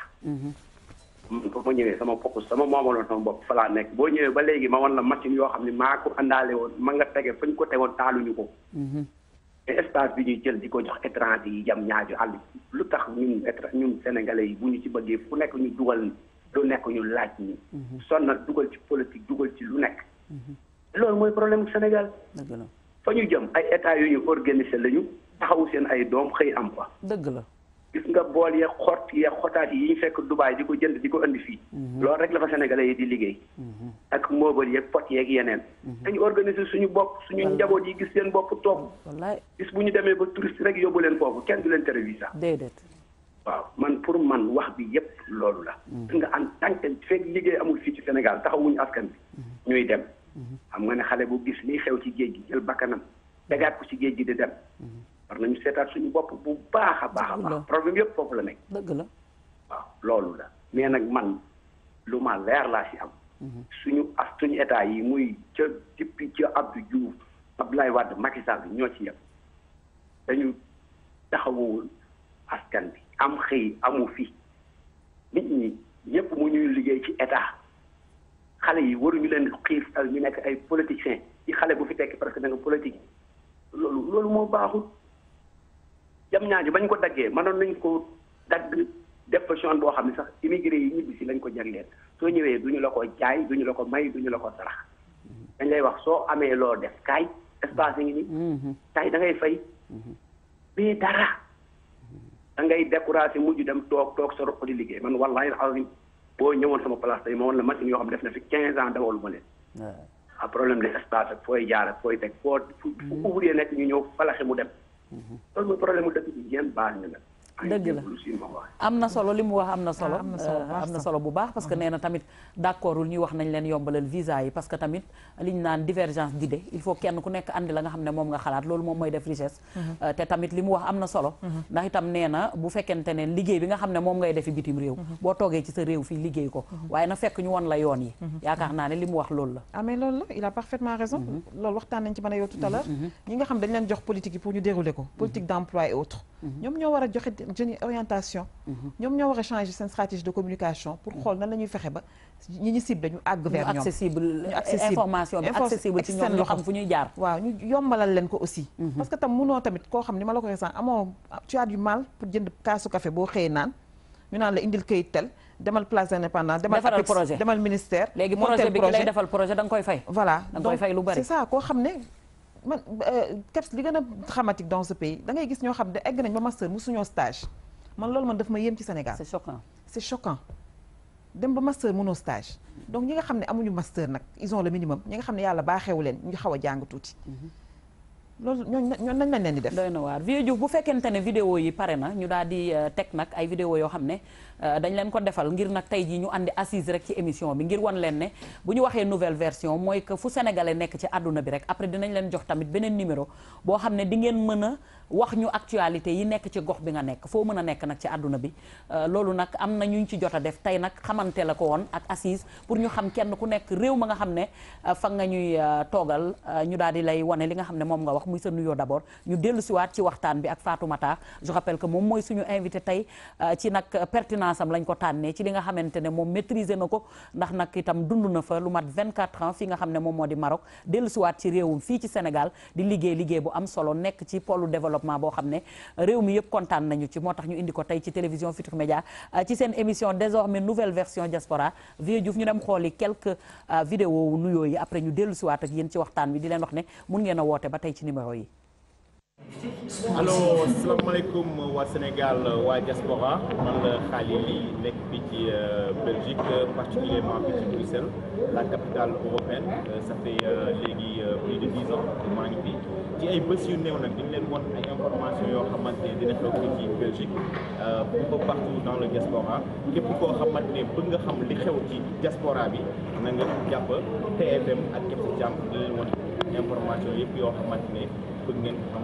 D: man ba ma ñëwee sama focus sama moomaloon sama bopp fa nekk boo ñëwee ba ma wan la machine yoo xam ne maa ko àndaale woon ma nga tege fa ñu ko taaluñu ko. mais bi ñuy jël di ko jox étranger yi jam ñaaju àll lu tax ñun étranger ñun sénégalais yi bu ñu ci bëggee fu nekk ñu dugal. lu nekk ñu laaj ñi mhm. son nag dugal ci politique dugal ci lu nekk mhm. loolu mooy problème Sénégal fa ñu jëm ay état yu ñu organisé lañu taxawu seen ay doom xëy am fa dëgg la gis nga bool ya xot ya xotaat yi ñu fekk Dubaay di ko jënd di ko indi fii mhm. loolu rek la fa sénégalais yi di liggéey ak moobal yeeg pot yeeg yeneen dañu organiser suñu bopp suñu njaboot yi gis seen bopp toog gis bu ñu demee ba touriste rek yóbbu leen foofu kenn du leen tere visa déedéet waaw man pour man wax bi yépp loolu la. gis mm-hmm. nga en tant que fekk liggéey amul fii ci Sénégal taxawuñu askan bi. Mm-hmm. ñuy dem. Mm-hmm. xam nga ne xale bu gis liy xew ci géej gi jël bakkanam dagaat ko ci géej gi di dem. war nañu seetaat suñu bopp bu baax a baax a baax. problème yépp foofu la nekk. dëgg la waaw loolu la mais nag man lu ma leer laa si am. suñu as suñu état yi muy ca depuis ca Abdou Diouf Abdoulaye Wade Macky bi ñoo ci yem dañu taxawul askan bi. am xëy amu fi nit ñi ñëpp mu ñuy liggéey ci état xale yi waruñu leen xiif ak ñu nekk ay politiciens ci xale bu fi tekk parce que nanga nga loolu loolu moo baaxul jam ñaajo bañ ko daggee mënoon nañ ko dagg def façon boo xam ne sax immigré yi ñibbi lañ ko jagleel soo ñëwee duñu la ko jaay duñu la ko may duñu la ko sarax dañ lay wax soo amee loo def kaay espace ngi ni kaay mm-hmm. da fay mm-hmm. mais dara da ngay découragé mujj dem toog toog sa roq di liggéey man wallahi alazim boo ñëwoon sama place tey ma woon la machine yoo xam def na fi 15 ans dawal ma leen. a problème de espace fooy jaar ak fooy teg foo fu mm-hmm. ouvrier nekk ñu ñëw falaxe mu dem. Mm-hmm. loolu mooy problème mu dëkk bi yéen baax na nag. dëgg la
A: am na solo li mu wax am na solo ah, am euh, na solo bu baax parce que nee na tamit d'accordul ñuy wax nañ leen yombalal visa yi parce que tamit liñ naan divergence d'idées il faut kenn ku nekk andi la nga xam ne moom nga xalaat loolu moom mooy def richesse euh, te tamit li mu wax am na solo ndax itam nee bu fekkente ne liggéey bi nga xam ne moom ngay defi bitim réew boo toogee ci sa réew fii liggéey ko waaye na fekk ñu won la yoon yi yaakaar naa ne li mu wax loolu
B: jeunes yi orientation. Mhm. ñoom ñoo war a changer seen stratégie de communication pour mhm. xool nan la ñuy fexe ba ñi ñu cible ñu àgg vers ñoom. accessible information bi accessible ci ñoom ñu xam fu ñuy jaar. waaw ñu yombalal leen ko aussi. Mhm. parce que tam munoo tamit koo xam ni ma la ko waxee sànq amoo tu as du mal pour jënd kaasu café boo xëyee naan ñu naan la indil këyit tel. demal place indépendant demal APIX demal ministère. léegi projet bi ki lay defal projet da nga koy fay. voilà donc c'est ça koo xam ne man euh, keps li gën a dramatique dans ce pays da ngay gis ñoo xam ne egg nañ ba mu musuñoo stage man loolu man daf ma yem ci Sénégal. c'est choquant c'est dem ba master mënoo stage donc ñi nga xam ne amuñu masteur nag ils ont le minimum ñi nga xam ne yàlla baaxeewu leen ñu xaw a jàng tuuti. Mhm. loolu ñooñu ñooñu nañ lañ leen di def.
A: doy na waar Vieux bu fekkente ne vidéo yi pare na ñu daal di euh, teg nag ay vidéo yoo xam ne. Euh, dañ leen ko defal ngir nag tey jii ñu andi assise rek ci émission bi ngir wan leen ne bu ñu waxee nouvelle version mooy que fu sénégalais nekk ci àdduna bi rek après dinañ leen jox tamit beneen numéro boo xam ne di ngeen mën a wax ñu actualité yi nekk ci gox bi nga nekk foo mën a nekk nag ci àdduna bi euh, loolu nag am na ñu ci jot a def tey nag xamante la ko woon ak assise pour ñu xam kenn ku nekk réew ma nga xam ne euh, fa nga ñuy toogal ñu daal di lay wane li nga xam ne moom nga wax muy sa nuyoo d'abord ñu dellu siwaat ci waxtaan bi ak Fatou Mata je rappelle moom mooy suñu invité tey ci nag alternance am lañ ko tànnee ci li nga xamante ne moom maîtriser na ko ndax nag itam dund na fa lu mat 24 ans fi nga xam ne moom moo di Maroc dellusiwaat ci réewum fii ci Sénégal di liggéey liggéey bu am solo nekk ci pôle développement boo xam ne réew mi yëpp kontaan nañu ci moo tax ñu indi ko tey ci télévision Futurs Médias euh, ci seen émission désormais nouvelle version diaspora Vieux Diouf ñu dem xooli quelques euh, vidéos wu nuyoo yi après ñu dellusiwaat waxtaan bi di leen wax ne mun ngeen a woote ba tey ci numéro yi
D: allo asalaamaaleykum waa Sénégal waa diaspora man la Khalil li nekk bi ci euh, Belgique particulièrement fii ci Bruxelles la capitale européenne euh, ça fait euh, léegi plus de dix ans ci ay bés yu néew nag dañu leen won ay information yoo xamante ne dina xew fii ci Belgique un peu partout dans le diaspora képp koo xamante ne bëgg nga xam li xew ci diaspora bi na nga jàpp TFM ak Kër Sa Thiam dina leen won information yëpp yoo xamante ne bëgg ngeen xam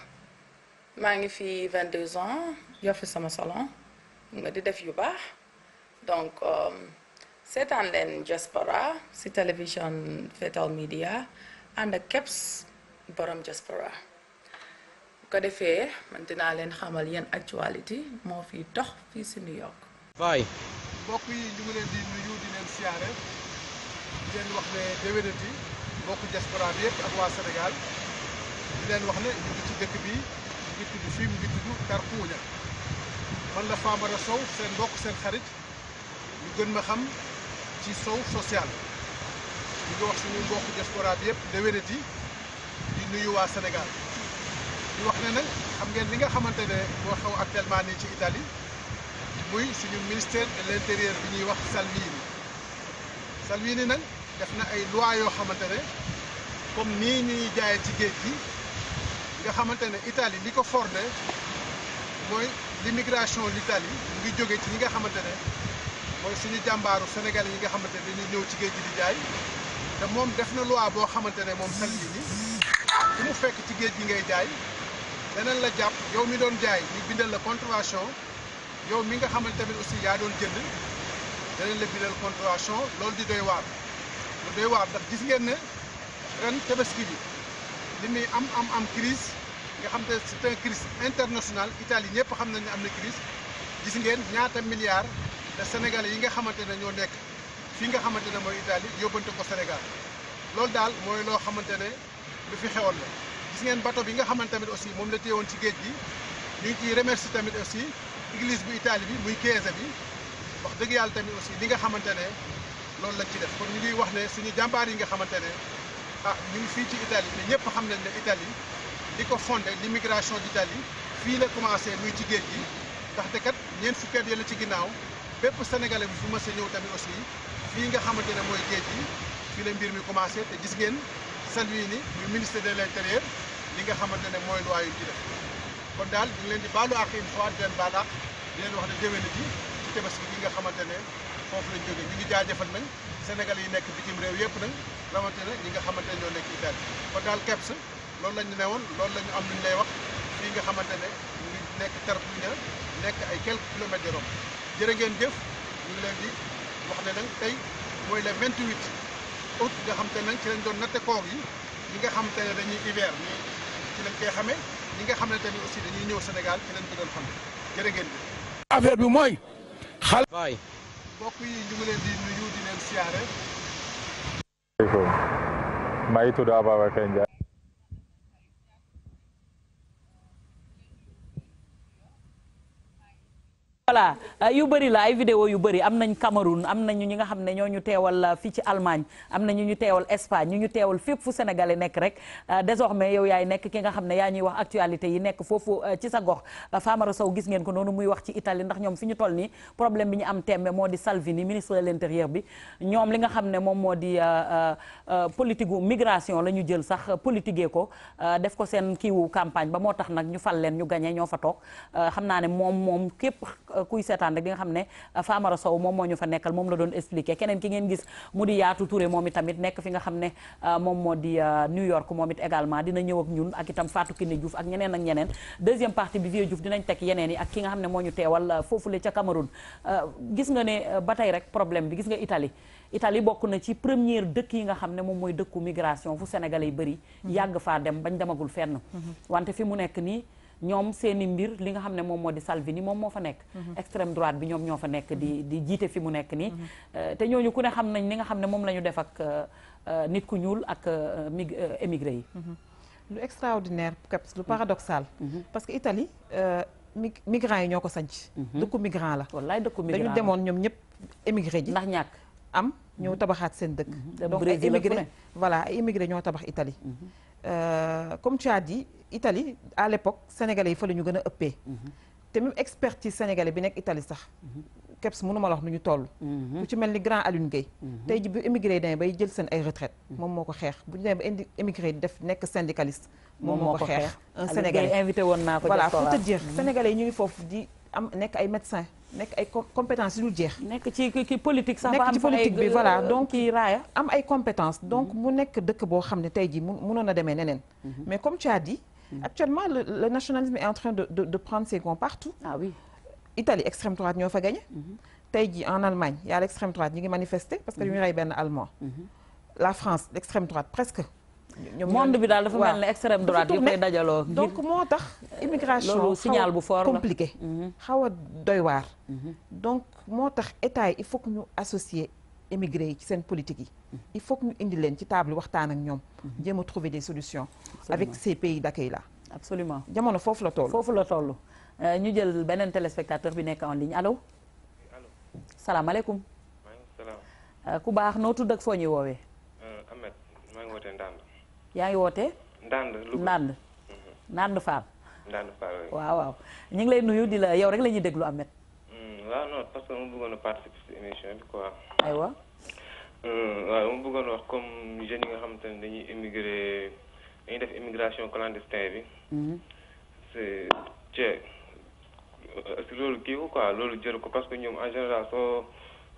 E: maa ngi fi 22 ans yor fi sama salon nga di def yu baax donc euh, seetaan leen Diaspora si télévision Fetal Media ànd ak Kebs borom Diaspora bu ko defee man dinaa leen xamal yenn actualité moo fi dox fii si New York.
C: waay.
G: mbokk yi ñu ngi leen di nuyu di leen siyaare di leen wax ne déwénati mbokk Diaspora bi yëpp ak waa Sénégal di leen wax ne ñu ngi ci dëkk bi. ngi tudd fii mu ngi tudd Tarkuuña man la Famara Sow seen mbokk seen xarit ñu gën ma xam ci Sow social ñu ngi wax suñu mbokk diaspora bi yëpp déwénati di nuyu waa Sénégal di wax ne nag xam ngeen li nga xamante ne moo xew actuellement nii ci Italie muy suñu ministère de l'intérieur bi ñuy wax Salvini Salvini nag def na ay loi yoo xamante ne comme nii ñuy jaayee ci géej gi nga xamante ne Italie li ko fordé mooy l'immigration l'Italie ngi jóge ci ñi nga xamante ne mooy suñu jàmbaaru Sénégal yi nga xamante ne dañuy ñëw ci géej gi di jaay te moom def na loi boo xamante ne moom Salvini su mu fekk ci géej gi ngay jaay danañ la jàpp yow mi doon jaay ñu bindal la contravention yow mi nga xamante tamit aussi yaa doon jënd danañ la bindal contravention loolu di doy waar lu doy waar ndax gis ngeen ne ren tabaski bi li muy am am am crise nga xam te c'est un crise international Italie ñëpp xam nañ am na crise gis ngeen ñaata milliards de sénégalais yi nga xamante ne ñoo nekk fii nga xamante ne mooy Italie yóbbante ko Sénégal loolu daal mooy loo xamante ne lu fi xewoon la gis ngeen bato bi nga xamante tamit aussi moom la woon ci géej gi ñu ngi ciy remercier tamit aussi église bu Italie bi muy Chiesa bi wax dëgg yàlla tamit aussi li nga xamante ne loolu lañ ci def kon ñu ngi wax ne suñu jàmbaar yi nga xamante ne ah ñu ngi fii ci Italie te ñëpp xam nañ ne Italie li ko fondé l'immigration d'Italie fii la commencé muy ci géej gi ndaxte kat ñeent fukki at yële ci ginnaaw bépp sénégalais bi fu mës a ñëw tamit aussi fii nga xamante ne mooy géej gi fii la mbir mi commencé te gis ngeen Salvini muy ministre de l'intérieur li nga xamante ne mooy loi yu ci def kon daal ñu leen di baalu ak une fois di leen wax ne déwén ji ci tabaski nga xamante ne foofu lañ jógee ñu ngi jaajëfal nañ sénégalais yi nekk bitim réew yëpp nag rawatina ñi nga xamante ñoo nekk Italie kon daal keps loolu la ñu ne woon lool la am lu ñu lay wax fii nga xamante ne ñu ngi nekk Perpignan nekk ay quelques kilomètres de Rome ngeen jëf ñu ngi leen di wax ne nag tey mooy le 28 août nga xam te nag ci lañ doon natte koor yi ñi nga xam te ne dañuy hiver ñi ci lañ koy xamee ñi nga xamante ne tamit dañuy ñëw Sénégal ci lañ ko doon xam jërë ngeen jëf. affaire bi mooy xal. bokk yi ñu ngi leen di nuyu di leen siyaare.
C: maa ngi tudd Ababacar Ndiaye
A: voilà euh, yu bëri la ay vidéo yu bëri am nañ Cameroun am nañu ñi nga xam ne ñoo ñu teewal euh, fii ci Allemagne am na ñu ñu teewal Espagne ñu ñu teewal fépp fu sénégalais nekk rek euh, désormais yow yaay nekk ki nga xam ne yaa ñuy wax actualité yi nekk foofu ci sa gox Famara Sow gis ngeen ko noonu muy wax ci Italie ndax ñoom fi ñu toll nii problème bi ñu am tembe moo di Salvini ministre de l'intérieur bi ñoom li nga xam ne moom moo di politique migration la ñu jël sax politiqué ko def ko seen kiiwu campagne ba moo tax nag ñu fal leen ñu gagné ñoo fa toog xam naa ne moom moom képp kuy seetaan rek di nga xam ne euh, Famara Sow moom moo ñu fa nekkal moom la doon expliquer keneen ki ngeen gis mu di Yaatu Touré moom i nekk fi nga xam ne euh, moom moo di euh, New York moom it également dina ñëw ak ñun ak itam Fatou Kiné Diouf ak ñeneen ak ñeneen deuxième partie bi Vieux Diouf dinañ yeneen yi ak ki nga xam ne moo ñu teewal foofule ca Cameroun gis nga ne ba tey rek problème bi gis nga Italie Italie bokk na ci première dëkk yi nga xam ne moom mooy dëkku migration fu Sénégalais yi bëri mhm. yàgg faa dem bañ demagul fenn mhm. wante fi mu nekk nii ñoom seeni mbir li nga xam ne moom moo di Salvini moom moo fa nekk mhm. extrême droite bi ñoom ñoo fa nekk di mhm. di jiite fi mu nekk nii mhm. euh, te ñooñu ku ne xam nañ li nga xam ne moom lañu ñu def ak euh, euh, nit ku ñuul ak
B: mig émigré yi lu extraordinaire caps lu paradoxal parce que Italie mi migrants yi ñoo ko sanc dëkku migrant la wallaay dëkku migrant dañu demoon ñoom ñëpp émigré ji ndax ñàkk am ñëw tabaxaat seen dëkk donc ay immigré voilà ay ñoo tabax Italie comme tu as Italie à l'époque sénégalais yi fa la ñu gën a ëppee mhm. te même expertise sénégalais bi nekk Italie sax mhm. keps mënuma la wax nu ñu toll mhm. ku ci mel ni grand Alioune Guèye tey ji bu émigré yi bay jël seen ay retraite moom moo ko xeex bu ñu demee ba indi émigré yi def nekk syndicaliste moom moo ko xeex un sénégalais invité woon naa ko voilà pour te yi ñu ngi foofu di am nekk ay médecin nekk ay compétence yu dul jeex nekk
A: ci ki politique
B: sax nekk ci politique bi voilà donc kii am ay compétence donc mu nekk dëkk boo xam ne tey ji mu mënoon a demee neneen mais comme tu as Mm. actuellement le, le nationalisme est en train de de, de prendre ses gants partout. Ah Italie extrême droite ñoo fa gagné. Mm-hmm. tey jii en Allemagne yaa a l' extrême droite ñu ngi manifester parce que ñu ngi mm-hmm. rey benn allemand. Mm-hmm. la France l' extrême droite presque. ñoom monde bi daal dafa mel ne extrême droite yi koy dajaloo. donc moo tax immigration loolu signal bu fort la compliqué. xaw a doy waar. donc moo tax état il faut que ñu associer. émigré yi ci seen politique yi mhm. il faut que ñu indi leen ci table waxtaan ak ñoom mhm. jéem a trouver des solutions Absolument. avec ces pays d'accueil là absolument jamono foofu la toll foofu
A: la toll euh, ñu jël beneen téléspectateur bi nekk en ligne allo allo salaamaaleykum euh, ku baax noo tudd ak foo ñuy woowee
H: euh, Ahmed maa ngi wootee Ndande yaa ngi wootee Ndande Ndande mhm. Ndande Fall
A: Ndande Fall waaw waaw ñu ngi lay nuyu di la yow rek la ñuy déglu Ahmed
H: hmm, waaw non parce que mu bëggoon a participer ci émission aywa. Euh, waaw dama bëggoon wax comme jeunes yi nga xamante ne dañuy immigré dañuy def immigration clandestin bi. Mhm. c'est ci loolu kii ko quoi loolu jëru ko parce que ñoom en général soo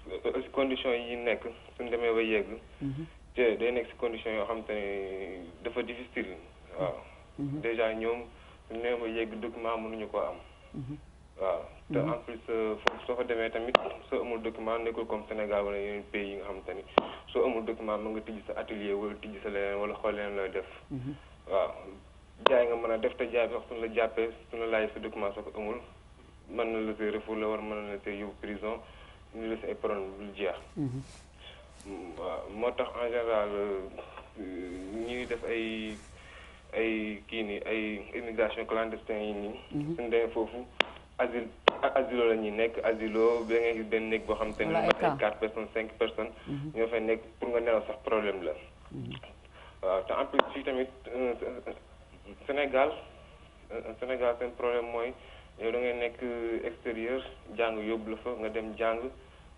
H: euh, si condition yi nekk suñ demee ba yegg. Mhm. te day nekk condition yoo xamante ne dafa difficile waaw. Mhm. déjà ñoom suñ demee ba yegg document mënuñu ko am. waaw te mhm. en plus euh, soo fa demee tamit soo amul document nekkul comme Sénégal wala yeneen pays yi nga xam te ni soo amul document mën nga tijji sa atelier wala tijji sa leneen wala xool leneen looy def mhm. waaw jaay nga mën a def te jaay bi wax suñu la jàppee suñu la laaj soo ko amul mën na la see refoulé wala mën na la see yóbbu prison ñu la si ay problème bu jeex mhm. moo tax en général euh, ñuy def ay ay kii nii ay immigration clandestine yi nii suñu demee foofu asile asilo la ñuy nekk asilo ba nga gis benn néeg boo xam te ne ay quatre personnes cinq personnes mhm. ñoo fay nekk pour nga nelaw sax problème la mhm. waaw te en fii tamit euh, Sénégal euh, Sénégal seen problème mooy yow da nekk extérieur jàng yóbbu la fa nga dem jàng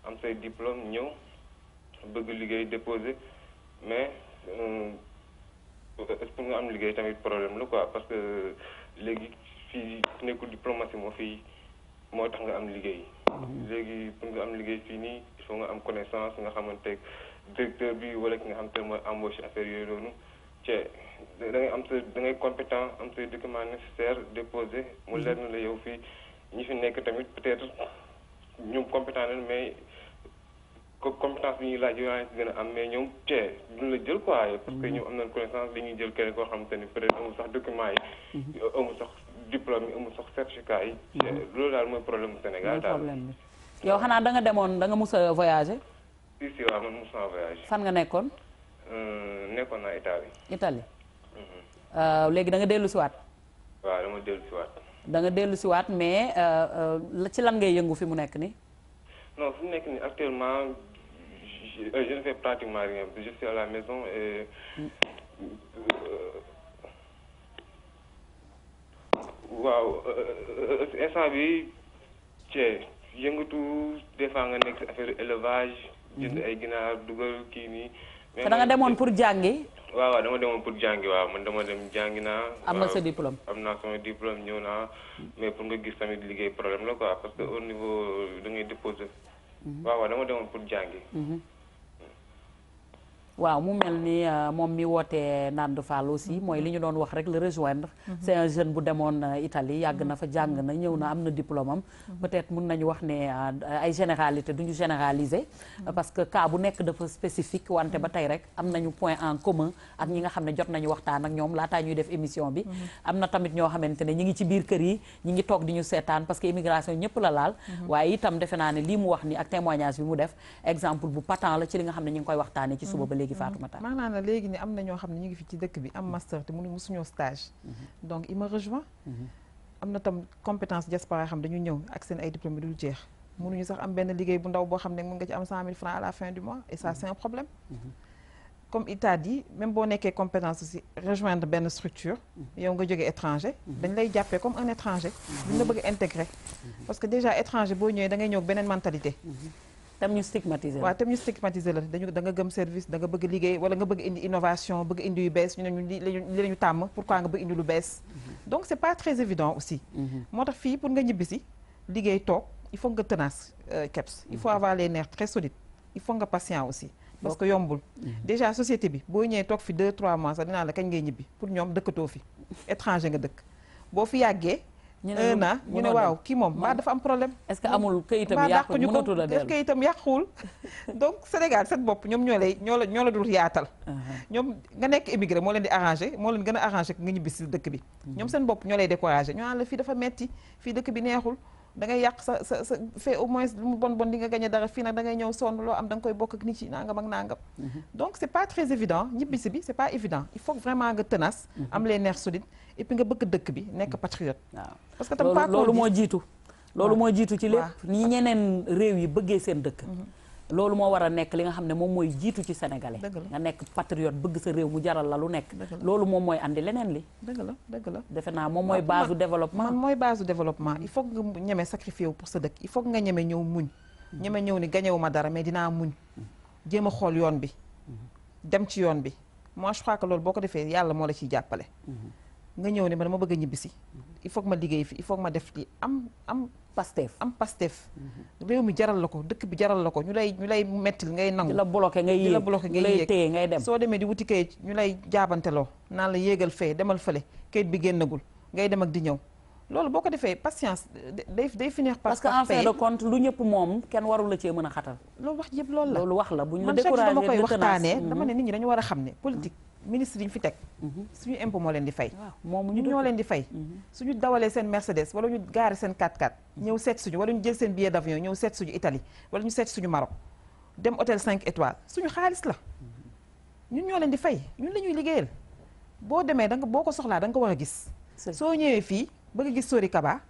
H: am say diplôme ñëw bëgg liggéey déposé mais pour euh, nga am liggéey tamit problème la quoi parce que léegi fii nekkul diplomatie moo fii moo tax nga am liggéey mm-hmm. léegi pour nga am liggéey fii nii il faut nga am connaissance nga xamante directeur bi wala ki nga xam te mooy embauche affaire yooyu noonu te da am sa da ngay compétent am say document nécessaire déposé mu mm-hmm. leer na la yow fii ñi fi nekk tamit peut-être ñoom compétent leen mais compétence bi ñuy laaj yow yaa ngi tee la jël quoi mm-hmm. parce que ñoom am nañ connaissance dañuy jël keneen koo xam ni peut amul sax document yi amul sax diplôme yi amul sax certificat yi. Mhm. loolu daal mooy problème mu Sénégal daal problème
A: bi yow xanaa da nga demoon da nga mus a voyager.
H: si si waaw man nekkoon. Euh, nekkoon naa Italie. Italie. Mhm. Euh, léegi da dellu si waaw dama dellu si
A: da nga dellu si waat mais euh, ci lan ngay yëngu fi mu nekk nii.
H: non fi nekk nii actuellement je pratiquement à la maison mm. waaw euh, instant bi cee yëngatu des fois nga nekk affaire élevage. jënd mhm. ay ginaar dugal kii nii. te da demoon pour jàngi. waaw waaw dama demoon pour jàngi waaw man dama dem jàngi naa. am nga sa diplôme am naa sama diplôme ñëw naa mais pour nga gis tamit liggéey problème la quoi parce que au niveau da ngay déposer. Mhm. waaw waaw dama demoon pour jàngi.
A: Mhm. waaw mu mel ni euh, moom mi wootee Nandou Fall aussi mhm. mooy li ñu doon wax rek la rejoindre mhm. c'est un jeune bu demoon euh, Italie yàgg mhm. na fa jàng na ñëw na am na diplôme am peut-être mun nañu wax ne euh, ay généralité duñu généraliser parce que cas bu nekk dafa spécifique wante ba tey rek am nañu point en commun ak ñi nga xam ne jot nañu waxtaan ak ñoom laataa ñuy def émission bi am na tamit ñoo xamante ne ñi ngi ci biir kër yi ñi ngi toog di ñu seetaan parce que immigration ni ak témoignage bi mu def exemple bu patent la ci léegi mm-hmm. Fatoumata
B: maanaam na léegi ni am na ñoo xam ne ñu ngi fi ci dëkk bi am mm-hmm. master te mënu musuñoo stage mm-hmm. donc il me rejoint am na tam compétence diaspora yoo xam dañu ñëw ak seen ay diplôme dul jeex mënuñu sax am benn liggéey bu ndaw boo xam ne mën nga ci am cent mille francs à la fin du mois et ça c'est problème comme il t'a dit même boo nekkee compétence aussi rejoindre benn structure yow nga jógee étranger dañ lay jàppee comme un étranger duñ la bëgg a intégrer parce que déjà étranger boo ñëwee da ngay ñëw beneen mentalité tam ñu stigmatiser waaw tam ñu stigmatiser la dañu da nga gëm service da nga bëgg liggéey wala nga bëgg indi innovation bëgg indi yu bees ñu ne ñu li lañu tàmm nga bëgg indi lu bees mhm. donc c'est pas très évident aussi mhm. moo tax fii pour nga ñibbisi liggéey toog il faut nga tenace euh, keps il faut mhm. avoir les nerfs très solides il faut nga patient aussi parce que yombul déjà société bi boo ñëwee toog fi deux trois mois sax dinaa la kañ ngay ñibbi pour ñoom dëkkatoo fi étranger nga dëkk boo fi yàggee un an ñu ne eh, waaw kii moom mbaa dafa am problème est-ce que amul këyitam yàqu ñu ko est-ce que këyitam yàquwul donc Sénégal seen bopp ñoom ñoo lay ñoo la ñoo la dul yaatal uh-huh. ñoom nga nekk émigré moo leen di arrangé moo leen gën a arrangé nga ñibbi si dëkk bi mm-hmm. ñoom seen bopp ñoo lay découragé ñoo naan la fii dafa metti fii dëkk bi neexul da yàq sa sa sa fait au moins lu mu bon bon di nga gañe dara fii nag da ngay ñëw sonn loo am da koy bokk ak nit yi nangam ak nangam mm-hmm. donc c'est pas très évident ñibbisi bi c'est pas évident il faut vraiment nga tenace mm-hmm. et nga bëgg dëkk bi nekk patriote. waaw
A: loolu moo jiitu. loolu moo jiitu ci lépp ni
B: ñeneen réew yi bëggee seen dëkk. Mhm.
A: loolu moo war a nekk li nga xam ne moom mooy jiitu ci sénégalais. nga nekk patriote bëgg sa réew mu jaral la lu
B: nekk. loolu moom mooy andi leneen li. la dëgg la defe naa moom mooy base du man mooy base du développement il faut que nga ñeme sacrifié wu pour sa dëkk il faut que nga ñeme ñëw muñ. Mhm. ñeme ñëw ni gañewu ma dara mais dinaa muñ. Mhm. jéem a xool yoon bi. dem ci yoon bi moi je crois loolu boo ko defee yàlla moo la ciy jàppale. nga ñëw ne ma dama bëgg a ñibbisi il faut ma liggéey fi il faut que ma def li am am pastef am pastef réew mi jaral la ko dëkk bi jaral la ko ñu lay ñu lay mettil ngay nangu di la bloqué ngay yéeg di la bloqué ngay yéeg ngay dem soo demee di wuti kayit ñu lay jaabanteloo naan la yéegal fee demal fële kayit bi génnagul ngay dem ak di ñëw loolu boo ko defee patience day day finir par parce que en fin de compte lu ñëpp moom kenn warul la cee mën a xatal loolu wax yëpp loolu la wax la bu ñu la dama koy waxtaanee dama ne mhm. nit ñi a xam ne politique ministre yi ñu fi teg mhm. suñu impo moo leen di fay moom ñu ñoo leen di fay mhm. suñu dawalee seen Mercedes wala ñu gaare seen 4 x mhm. ñëw seet suñu wala ñu jël seen billet d'avion ñëw seet suñu Italie wala ñu seet suñu Maroc dem hôtel 5 étoiles suñu xaalis la ñun ñoo leen di fay ñun la ñuy liggéeyal boo demee da nga boo ko soxlaa da nga ko war a gis soo ñëwee fii ba nga gis Sori Kaba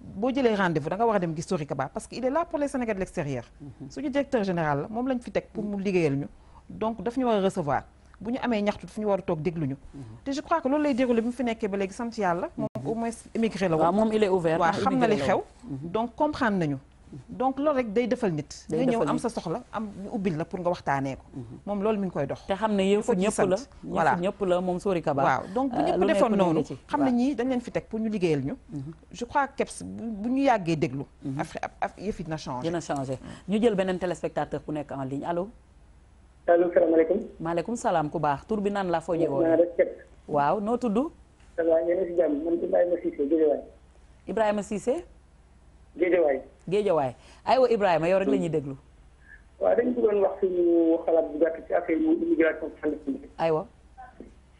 B: boo jëlee rendez-vous da nga war a dem gis Sori Kaba parce que il est là pour les Sénégalais de l'extérieur moom lañ fi teg pour mu liggéeyal ñu donc daf ñu war a recevoir bu ñu amee ñaxtu fu ñu war a toog dégluñu te je crois que loolu lay déroulé bi mu fi nekkee ba léegi sant yàlla moom mhm. au moins émigré la woon waaw moom il est xam na li xew mhm. donc comprendre nañu donc loolu rek day defal nit nga ñëw am sa soxla am ñu ubbil la pour nga waxtaanee ko mhm. moom loolu mi ngi koy dox te xam ne yëfu ñëpp la voilà ñëpp la moom Sori Kaba waaw donc bu ah, ñëpp defoon noonu xam ne ñii dañ leen fi teg pour ñu liggéeyal ñu je crois keps bu ñu yàggee déglu affaire yëf yi changé ñu jël beneen téléspectateur
A: ku nekk en ligne allo allo salaamaaleykum. maaleykum salaam ku baax tur bi naan laa foo ñëwoon. waaw noo tudd.
D: ça va yéen a si jàmm man Ibrahima Cissé Géejawaay.
A: Ibrahima Cissé. Géejawaay. Géejawaay aywa yow rek la déglu.
D: waaw dañu bëggoon wax suñu xalaat bu gàtt ci affaire yi immigration clandestine. aywa.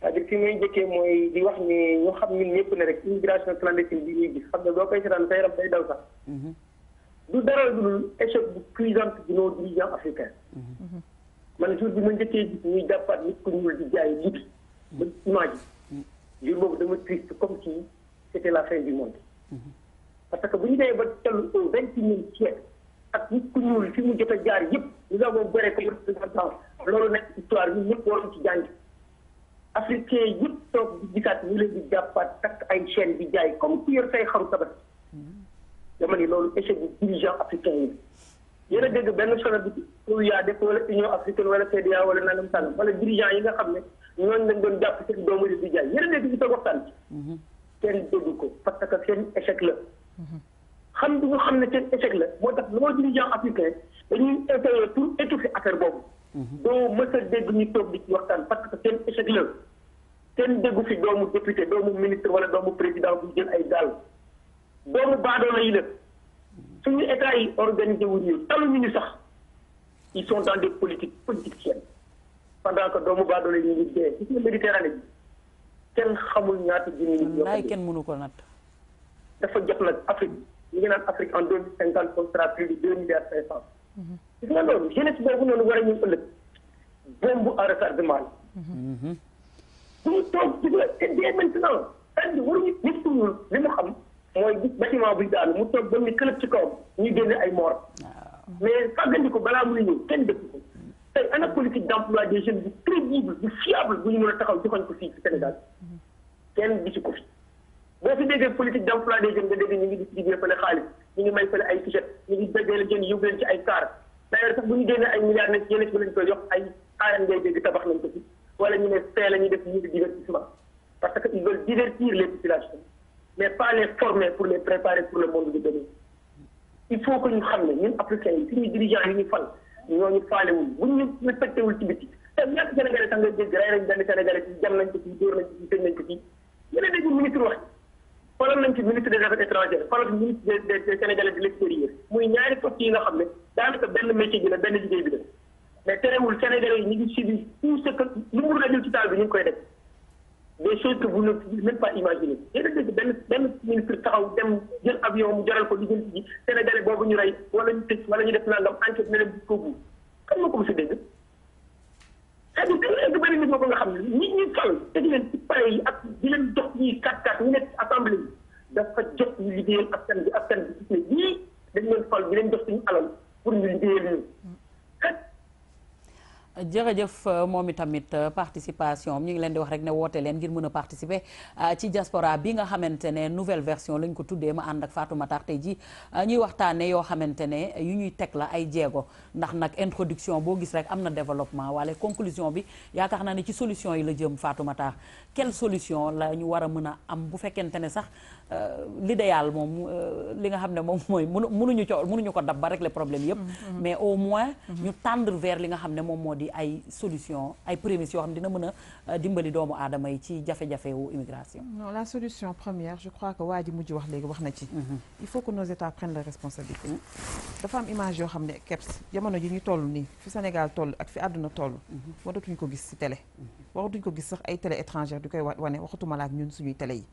D: c'est-à-dire fi muy mooy di wax ni ñu xam ñun ñëpp ne rek immigration clandestine bi ñuy gis xam ne boo koy seetaan sa yaram day daw sax. Mhm. du dara dul échec bu cuisante man jour bi ma njëkkee gis ñuy jàppaat nit ku ñuul di jaay lii ma ba image bi boobu dama triste comme si c'était la fin du monde parce que bu ñu demee ba toll au vingt-et-unième ak nit ku ñuul fi mu jot a jaar yëpp nous avons béré comme représentant loolu nekk histoire bi ñëpp waroon ci jàng africain yëpp toog di gisaat ñu leen di jàppaat takk ay chaîne di jaay comme ku yor say xaru tabaski dama ne loolu échec bu dirigeant africain yi yéen a dégg benn sonal bi UADF wala Union africaine wala CEDEAO wala nangam sàngam wala dirigeant yi nga xam ne ñooñu lañ doon jàpp ci doomu di jaay yéen a toog waxtaan mhm. kenn dégg ko parce que seen échec la. Mhm. xam du ñu xam ne seen échec la moo tax loo dirigeant africain dañuy intérêt pour étouffer affaire boobu. Mhm. doo mës a dégg ñu toog di ci waxtaan parce que seen échec la. kenn déggu fi doomu député doomu ministre wala doomu président bu jël ay gaal doomu baadoola yi la suñu état yi organisé wu ñu taluñu sax. ils sont dans des politiques politiciennes pendant que doomu baadoole yi ñu ngi dee gis nga Méditerranée bi kenn xamul ñaata junni nit ñoo
A: kenn mënu ko natt
D: dafa jot nag Afrique ñu ngi naan Afrique en deux mille cinquante on sera plus de deux milliards cinq cent mhm. gis nga loolu jeunesse boobu noonu a mhm. ñu ëllëg toog gis nga dès maintenant nit ku li mu xam mooy gis bu buy daanu mu toog ba mu këlëb ci kawam ñu génne ay moor ah. mais fàggandiku balaa muy ñëw kenn dëkk ko tey ana politique d'emploi des jeunes bu crédible bu fiable bu ñu mën a taxaw joxoñ ko fii ci Sénégal kenn gisu ko fi boo fi déggee politique d'emploi des jeunes ñu ngi distribué fële xaalis ñu ngi may fële ay t ci ay kaar d'ailleurs sax bu ñu génnee ay milliards ne yeneen ci lañ koy yokk ay aaran ngay dégg tabax nañ ko fi wala ñu ne fee la ñuy def ñu ngi divertissement parce que ils veulent divertir les populations mais pas les pour le monde de il faut que ñu xam ne ñun africains yi suñu dirigeants yi ñu fal ñooñu faalewul buñ ñu respecté wul ci biti te ñaata sénégalais ministre wax falal nañ ci ministre des affaires étrangères falal ministre des des sénégalais de l'extérieur muy ñaari poste yi nga xam ne daanaka benn métier bi la benn liggéey bi la mais terewul sénégalais yi ñu ngi suivi tout ce que lu mu la ci taal bi ñu ngi koy def des choses bu vous ne pouvez même pas imaginer yéen a dégg benn benn ministre taxaw dem jël avion mu jaral ko di jënd ji Sénégalais boobu ñu rey wala ñu tëj wala ñu def naa enquête ne leen bu ko buur xam nga ko mos a dégg c'est-à-dire que léegi bëri nit ko nga xam ne nit ñi fal leen ci pare yi ak di leen jox ñuy kàttan ñu nekk ci assemblée yi dafa jox ñu liggéeyal askan bi askan bi gis ne lii dañ leen fal di leen jox suñu alal pour ñu liggéeyal ñu
A: jërëjëf euh, moom itamit euh, participation ñu ngi leen di wax rek ne woote leen ngir mën a participer euh, ci diaspora bi nga xamante ne nouvelle version lañ ko tuddee ma ànd ak Fatou tey ji ñuy waxtaanee yoo xamante ne yu ñuy teg la ay jéego ndax nag introduction boo gis rek am na développement wala conclusion bi yaakaar naa ne ci solution yi la jëm Fatou Matar quelle solution la ñu war a mën a am bu fekkente ne sax. Euh, l'idéal moom euh, li nga xam ne moom mooy mënu mënuñu co mënuñu ko dab ba régler problème yëpp mm-hmm. mais au moins mm-hmm. ñu tendre vers li nga xam ne moom moo di ay solution ay prémices yoo xam ne dina mën a euh, dimbali doomu aadama
B: yi ci jafe-jafe wu immigration la solution première je crois que waa ji mujj wax léegi wax na ci mm-hmm. il faut que nos états prennent la responsabilité mm. dafa image yoo xam ne keps jamono ji ñu toll nii fi Sénégal toll ak fi àdduna toll waratuñ ko gis ci télé waratuñ ko gis sax ay télé étrangère di koy wane waxatuma la ak ñun suñuy télé yi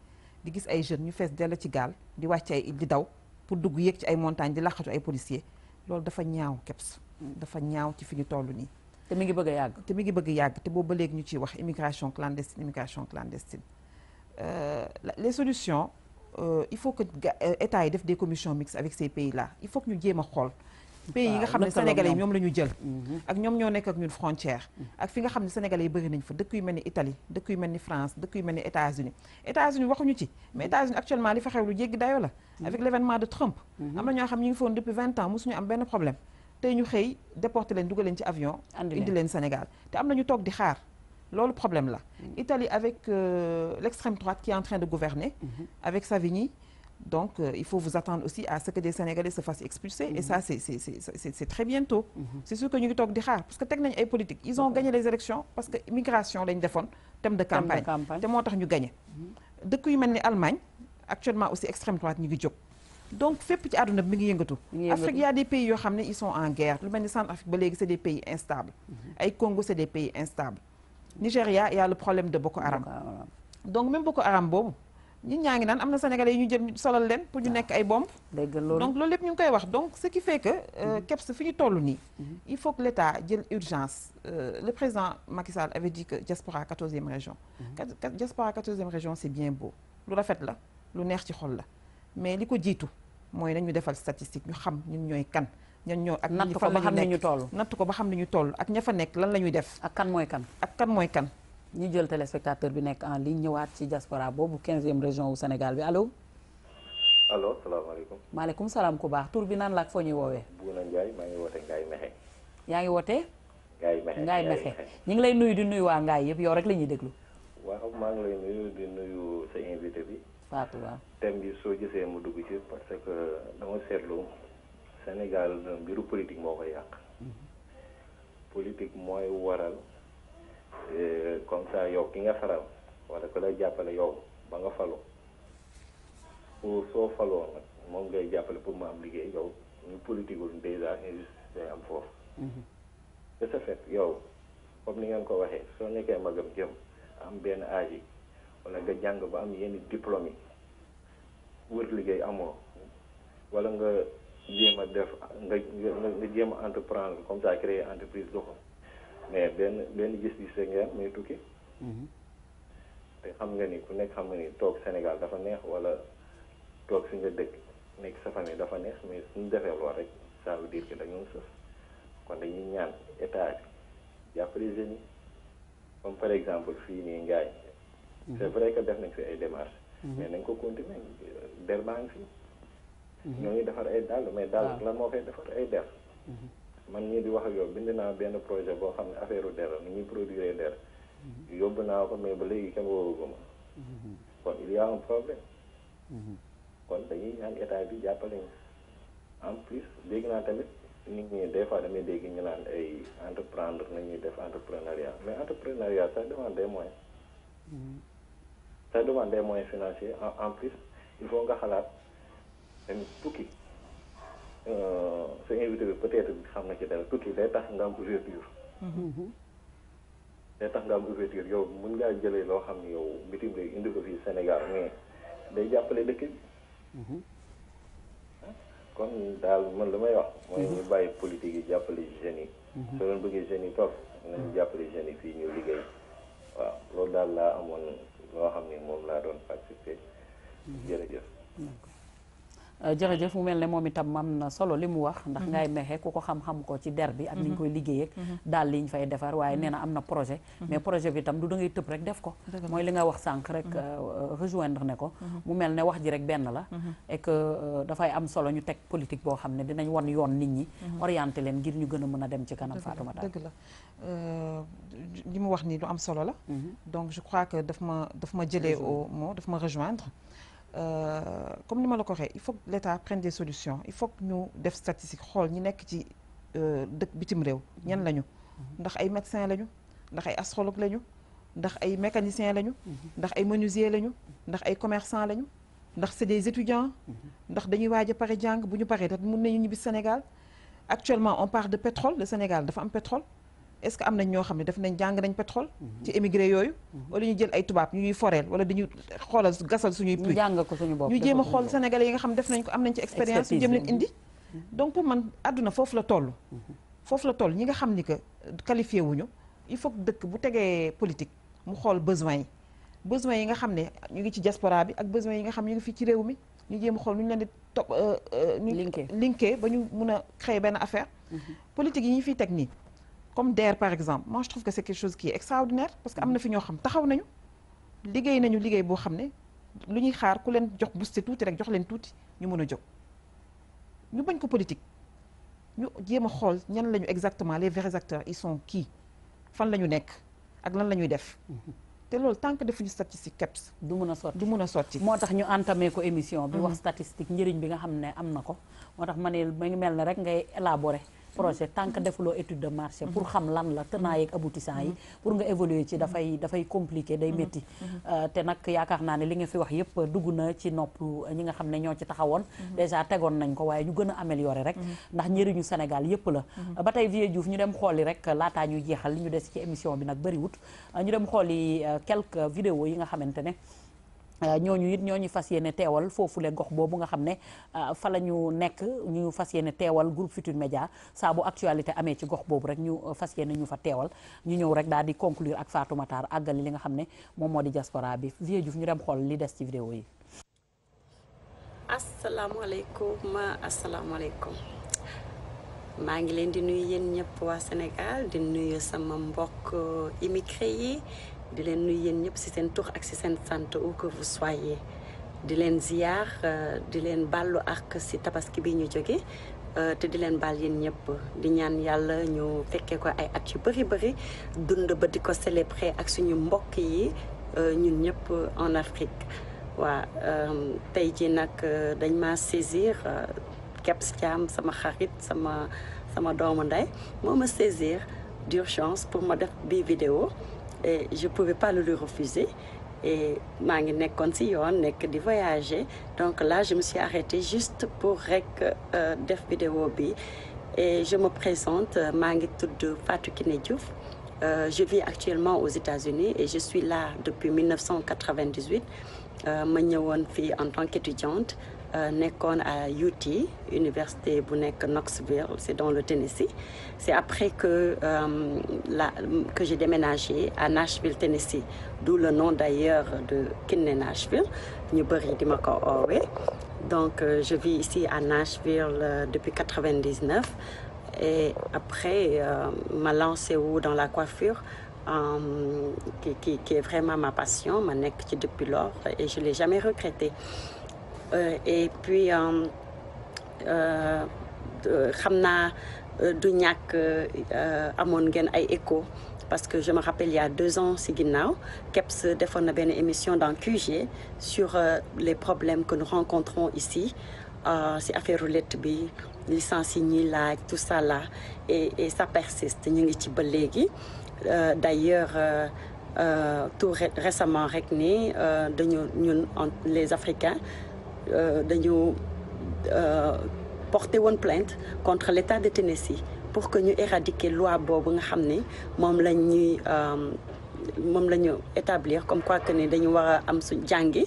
B: di gis ay jeunes ñu fees dell ci gaal di wàcc ay di daw pour dugg yéeg ci ay montagnes di laqatu ay policier loolu dafa ñaaw keps dafa ñaaw ci fi ñu toll nii. te mi ngi bëgg a yàgg te mi ngi bëgg yàgg te boobu ba léegi ñu ciy wax immigration clandestine immigration clandestine euh, les solutions euh, il faut que euh, état yi def des commissions mixtes avec ces pays là il faut que ñu jéem a xool. pays yi nga xam ne sénégalais yi ñoom la ñu jël mhm. ak ñoom ñoo nekk ak ñun frontière mhm. ak fi nga xam ne sénégalais yi bëri nañ fa dëkk yu mel ni Italie dëkk yu mel ni France dëkk yu mel ni États-Unis États-Unis waxuñu ci mais mhm. États-Unis actuellement li fa xew lu jéggi dayo la avec l'événement de Trump am na ñoo xam ñi ngi foon depuis vingt ans mosuñu am benn problème tey ñu xëy déporté leen dugal leen ci avion indi leen Sénégal te am na nañu toog di xaar loolu problème la Italie avec euh, l'extrême droite qui est en train de gouverner avec donc euh, il faut vous attendre aussi à ce que des Sénégalais se fassent expulser mm -hmm. et ça c'est c'est c'est c'est très bientôt mm -hmm. c'est sûr que ñu ngi toog di xaar parce que teg nañu ay politique ils ont okay. les élections parce que immigration lañ defoon thème de campagne te moo tax ñu gagné mhm. dëkk yu mel ni Allemagne actuellement aussi extrême droite ñu ngi jóg donc fépp ci àdduna bi mi ngi yëngatu Afrique y des pays yoo xam ne ils sont en guerre lu mel ni Centrafrique ba léegi c'est des pays instables mhm. ay Congo c'est des problème de Boko Haram donc même boobu ñi ñaa ngi naan am na sénégalais yi ñu jël solal leen pour ñu nekk ay bomb donc loolu lépp ñu ngi koy wax donc ce qui fait que euh, mm-hmm. keps fi ñu toll nii mm-hmm. il faut que l'état jël urgence euh, le président Macky Sall avait dit que diaspora quatorzième région mm-hmm. diaspora quatorzième région c'est bien boo lu rafet la lu neex ci xol la mais li ko jiitu mooy nañu defal statistique ñu xam ñun ñooy kan ñan ñoo ak natt ko ba xam ne ñu toll natt ko ba xam ne ñu toll ak ña fa nekk lan la ñuy def ak mooy kan ak kan mooy kan ñu jël téléspectateur bi
A: nekk en ligne ñëwaat ci diaspora boobu 15e région wu Sénégal bi allo.
C: allo salaamaaleykum.
A: maaleykum salaam ku baax tur bi naan laa ak foo ñuy woowee.
C: Bouna Ndiaye maa ngi woote Ngaye Mexe. yaa ngi woote. Ngaye Mexe Ngaye Mexe
A: ñu ngi lay nuyu di nuyu waa Ngaye yëpp yow rek la ñuy déglu.
C: waaw maa ngi lay nuyu di nuyu sa invité bi. Fatou waaw soo gisee mu dugg ci parce que dama seetlu Sénégal mbiru politique moo koy yàq. Mhm. politique mooy Eh, comme ça yow ki nga faral wala ku lay jàppale yow ba nga falo pour soo faloo nag moom ngay jàppale pour ma am liggéey yow ñu politiqueul déjà injustice day am foofu mhm. yow comme ni ngeen ko waxee soo nekkee magam jëm am benn âge yi wala nga jàng ba am yenn diplôme yi liggéey amoo wala nga jéem a def nga nga jéem a entreprendre comme ça créer entreprise doxam mais benn benn gis-gis rek ngeen muy tukki. Mhm. te xam nga ni ku nekk xam nga ni toog Sénégal dafa neex walla toog si nga dëkk nekk sa famille dafa neex mais suñu defee lool rek ça veut dire que dañoo sëf kon dañuy ñaan état bi jàppale jeunes comme par exemple fii nii Ngaañ. c' est def nañ fi ay démarches. Mhm. mais nañ ko continuer der baa ngi fi. Mhm. ñoo ngi defar ay dàll mais dàll lan moo koy defar ay der. man ñii di wax ak yow bind naa benn projet boo xam ne affaire u der la nu ñuy produire der yóbbu naa ko mais ba léegi kenn woowu ma kon il y a problème kon dañuy ñaan état bi jàppale ñu en plus dégg naa tamit nit ñi des fois damay dégg ñu naan ay entreprendre nañuy def entrepreneuriat mais entrepreneuriat ça demande des moyens ça demande des moyens financiers en plus il faut nga xalaat tamit tukki sa invité bi peut-être xam na ci dara tukki day tax nga am ouverture day tax nga am ouverture yow mën ngaa jëlee loo xam ne yow bitim lay indi ko fii Sénégal mais day jàppale dëkk kon daal man la may wax mooy ñu bàyyi politique yi jàppale jeunes yi soo leen bëggee jeunes yi toog nañu jàppale jeunes yi fii ñu liggéey waaw loolu daal laa amoon loo xam ne moom laa doon participer jërëjëf
A: Euh, jërëjëf mu mel ne moom itam am na solo li mu wax ndax mhm. ngay mexe ku ko xam-xam ko ci der bi ak ni ñu mhm. koy liggéey ak mhm. daal li ñu fay defar waaye ne na am na projet mais projet bi itam du da ngay tëb rek def ko mooy li nga wax sànq rek euh, rejoindre ne ko mu mel ne wax ji rek benn la et euh, dafay am solo ñu teg politique boo xam ne dinañ won yoon nit ñi orienté leen ngir ñu gën a mën a dem ci kanam
B: Fatoumata li mu wax nii lu am solo la donc je crois que da ma daf ma jëlee au ma rejoindre Euh, comme ni ma la ko waxee il faut que l'État prenne des solutions il faut que ñu def statistique xool ñi nekk ci euh, dëkk bitim réew ñan lañu ndax ay médecins lañu ndax ay astrologues lañu ndax ay mécaniciens lañu ndax ay menuisiers lañu ndax ay commerçants lañu ndax c'est des étudiants ndax dañuy waaj a pare jàng bu ñu paree te mun nañu ñibbi Sénégal actuellement on parle de pétrole le Sénégal dafa am pétrole est-ce que am nañ ñoo xam ne def nañ jàng nañ pétrole. Mhm. ci émigré yooyu. Mhm. wala ñu jël ay tubaab ñuy foreel wala dañu xoolal gasal suñuy. puits ñu jàng ko suñu ñu jéem a xool sénégalais yi nga xam def nañ ko am nañ ci expérience. ñu jëm leen mhm. donc man àdduna foofu la toll. foofu la toll ñi nga xam ni que qualifié wuñu il foog dëkk bu tegee politique mu xool besoin yi besoin yi nga xam ne ñu ngi ci diaspora bi ak besoin yi nga xam ñu ngi fii ci réew mi ñu jéem a xool nu ñu leen di topp. Euh, euh, linké ba ñu mun a créer benn affaire. politique yi ñu fiy teg nii comme DER par exemple moi je trouve que c'est quelque chose qui extraordinaire parce que am na fi ñoo xam taxaw nañu liggéey nañu liggéey boo xam ne lu ñuy xaar ku leen jox booster tuuti rek jox leen tuuti ñu mën a jóg ñu bañ ko politique ñu jéem a xool ñan lañu exactement les vrais acteurs ils sont qui fan la ñu nekk ak lan la ñuy def te loolu tant que defuñu statistique keps du mun a sotti du mun a sotti moo tax ñu entamé ko émission bi mm-hmm. wax statistique njëriñ bi nga
A: xam ne am na ko moo tax ma ne ma ngi mel ne rek ngay élaborer projet tant que defuloo étude de marché pour xam lan la tenants yeeg aboutissants yi pour nga évoluer ci dafay dafay compliqué day métti euh, te nag yaakaar naa ne li nga fi wax yëpp dugg na ci nopp ñi nga xam ne ñoo ci taxawoon déjà tegoon nañ ko waaye ñu gën a améliorer rek ndax njëriñu Sénégal yëpp la ba tey Vieux Diouf ñu dem xooli rek laataa ñuy jeexal li ñu des ci émission bi nag bëriwut euh, ñu dem xooli euh, quelque vidéos yi nga xamante ne Euh, ñooñu it ñoo ñu fas yéene teewal foofu le gox boobu nga xam ne euh, fa la ñu nekk ñu fas yéene teewal groupe Futur Média saa actualité amee ci gox boobu rek ñu euh, fas yéene ñu fa teewal ñu ñëw rek daal di conclure ak Fatou Matar àggali li nga xam ne moom moo di diaspora bi Vieux Diouf ñu dem xool li des ci vidéo yi.
I: asalaamaaleykum asalaamaaleykum maa ngi leen di nuyu yéen ñëpp waa Sénégal di nuy sama mbokk immigré yi. di leen nuy yéen ñëpp ci seen tour ak ci seen sant où que vous soyez di leen ziyaar euh, di leen bàllu ak ci tabaski bi ñu jóge euh, te di leen baal yéen ñëpp di ñaan yàlla ñu fekkee ko ay at yu bëri bëri dund ba di ko célébrer ak suñu mbokk yi euh, ñun ñëpp en Afrique waa tey ji nag dañ ma saisir Kebs Thiam sama xarit sama sama doomu ndey moo ma saisir d'urgence pour ma def bi vidéo et je pouvais pas le refuser et maa ngi nekkoon ci yoon nekk di voyager donc là je me suis arrêtée juste pour rekk euh, def vidéo bi et je me présente maa ngi tudd Fatou Kiné Diouf euh, je vis actuellement aux États-Unis et je suis là depuis 1998 euh, ma ñëwoon fii en tant qu'étudiante Euh, nekkoon à UT université bu nekk Knoxville c'est dans le Tennessee c'est après que euh, la que j'ai déménagé à Nashville Tennessee d'où le nom d'ailleurs de Kinney Nashville ñu bëri di ma ko oowee donc euh, je vis ici à Nashville euh, depuis 99 et après euh, ma lancé wu dans la coiffure qui qui qui est vraiment ma passion ma nekk ci depuis lors et je l'ai jamais regretté Euh, et puis euh, euh, xam naa du ñàkk amoon ngeen ay écho parce que je me rappelle il y a deux ans si ginnaaw KEPS defoon na benn émission dans QG sur les problèmes que nous rencontrons ici si affaire roulette bi licence yi ñuy laaj tout ça là et et ça persiste ñu ngi ci ba léegi d'ailleurs tout récemment rek ni dañu ñun les Africains Euh, dañu euh, porté woon plainte contre l'État de Tennessee pour que ñu éradiquer loi boobu nga xam ni moom la ñuy euh, moom la ñu établir comme qua que ne dañu war am suñu jàngi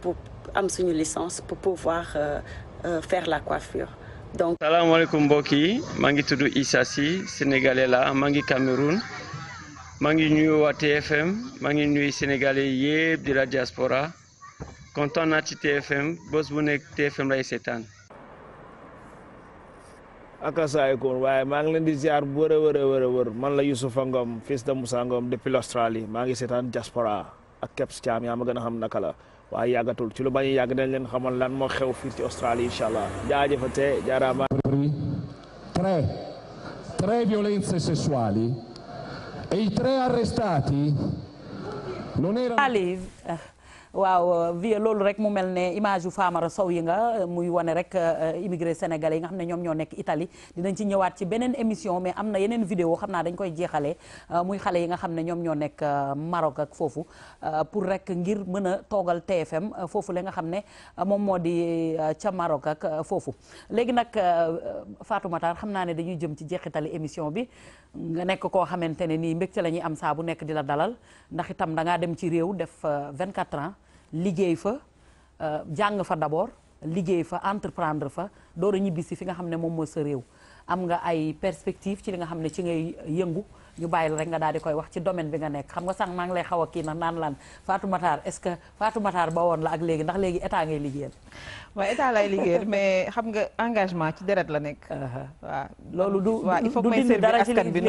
I: pour am suñu licence pour pouvoir faire la coiffure
D: donc. salaamaaleykum mbokk yi maa ngi tudd Issa Sy sénégalais la maa ngi Cameroun maa ngi nuyu waa TFM maa ngi nuyu sénégalais yëpp di la diaspora. kontaan naa ci TFM bés bu nekk TFM lay seetaan. asalaamaaleykum waaye maa ngi leen di ziar bu wër a wër man la Youssoufa Ngom fils de Moussa Ngom depuis l'Australie maa ngi seetaan diaspora ak Kebs Thiam yaa ma gën a xam naka la waaye yàggatul ci lu bañ yàgg dañ leen xamal lan moo xew fii ci Australie incha allah jaajëfate jaaraama. tre tre
C: violenze sessuali e i tre arrestati
A: non erano waaw vie loolu rek mu mel ne image yu Famara Sow yi nga muy wane rek euh, immigré sénégalais yi nga xam ne ñoom ñoo nekk Italie dinañ ci ñëwaat ci beneen émission mais am na yeneen vidéo xam naa dañ koy jeexalee euh, muy xale yi nga xam ne ñoom ñoo nekk euh, Maroc ak foofu pour rek ngir mën a toogal TFM foofu la nga xam ne moom moo di ca Maroc ak foofu léegi nag Fatou Matar xam naa ne dañuy jëm ci jeexitali émission bi nga nekk koo xamante ne nii mbégte la ñuy am saa bu nekk di la dalal ndax itam da dem ci réew def euh, vingt 24 ans liggéey fa euh, jàng fa d'abord liggéey fa entreprendre fa door a si fi nga xam ne moom mooy sa réew am nga ay perspective ci li nga xam ne ci ngay yëngu ñu bàyyi rek nga daal di koy wax ci domaine bi nga nekk xam nga sànq maa ngi lay xaw a kii nag naan lan Fatou Matar est-ce que Fatou Matar ba woon la ak léegi ndax léegi état ngay liggéeyal waaw état lay liggéeyal
B: mais xam nga engagement ci deret la nekk waaw loolu du waaw il faut que may servir askan bi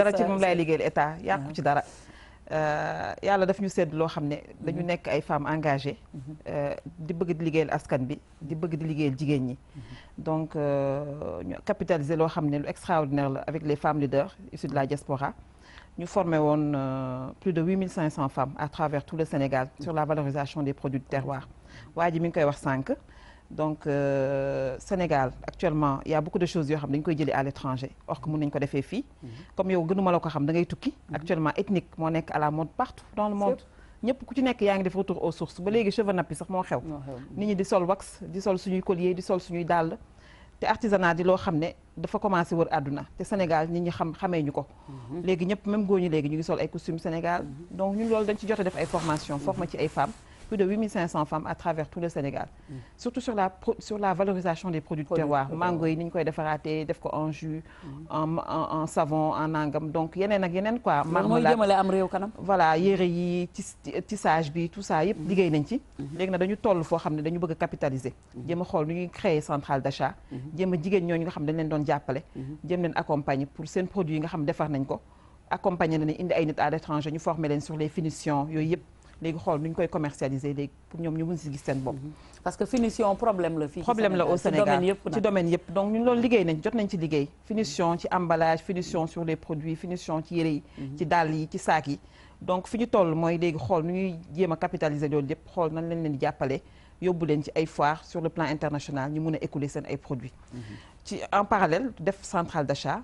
B: dara ci moom lay liggéeyal état yàqu ci dara Euh, yàlla daf ñu sedd loo xam ne dañu nekk ay femmes engagées euh, di bëgg di liggéeyal askan bi di bëgg di liggéeyal jigéen ñi donc euh, ñu capitaliser loo xam ne lu extraordinaire la avec les femmes leaders issues de la diaspora ñu formé woon plus de huit mille cinq cent femmes à travers tout le Sénégal sur la valorisation des produits du terroir waa ji mi ngi koy wax sànq donc euh, Sénégal actuellement il y a beaucoup de choses yoo xam dañ koy jëlee à l'étranger or que mën nañ ko defee fii mhm. comme yow gënuma la ko xam da ngay tukki mhm. actuellement ethnique moo nekk à la mode partout dans le monde ñëpp ku ci nekk yaa ngi def retour aux sources ba léegi cheveux nappi sax moo xew nit ñi di sol wax di sol suñuy collier di sol suñuy dàll te artisanat di loo xam ne dafa commencé wër àdduna te Sénégal nit ñi xam xamee ñu ko mhm. léegi ñëpp même góor ñu ngi sol ay costume Sénégal donc ñun ci jote def ay formation forma ci ay femmes plus de 8500 femmes à travers tout le Sénégal mm. surtout sur la sur la produits de mango yi ni koy defaraatee def ko en jus mm. en savon en nangam donc yeneen ak yeneen quoi marmelade mooy jëmale am réew kanam voilà yére yi tissage bi tout ça yëpp mm. liggéey nañ ci mm-hmm. léegi nag dañu toll foo xam ne dañu bëgg a capitaliser mm-hmm. jéem a xool nu ñuy créer centrale d'achat mm-hmm. jéem a jigéen ñooñu nga xam dañ leen doon jàppale jéem leen accompagner pour seen produit yi nga xam defar nañ ko accompagner nañ indi ay nit à l'étranger léegi xool nu ñu koy commercialiser léegi pour ñoom ñu mun si gis seen bopp. Mhm. parce que finition problème la fii. problème la au Sénégal ci domaine yëpp donc ñun loolu liggéey nañ jot nañ ci liggéey. finition ci emballage finition sur les produits finition ci yére yi. Mhm. ci dàll yi ci saak yi. donc fi ñu toll mooy léegi xool nu ñuy jéem a capitaliser loolu yëpp xool nan lañ leen di jàppale yóbbu leen ci ay foire sur le plan international ñu mun a écouler seen ay mhm. ci en parallèle def centrale d'achat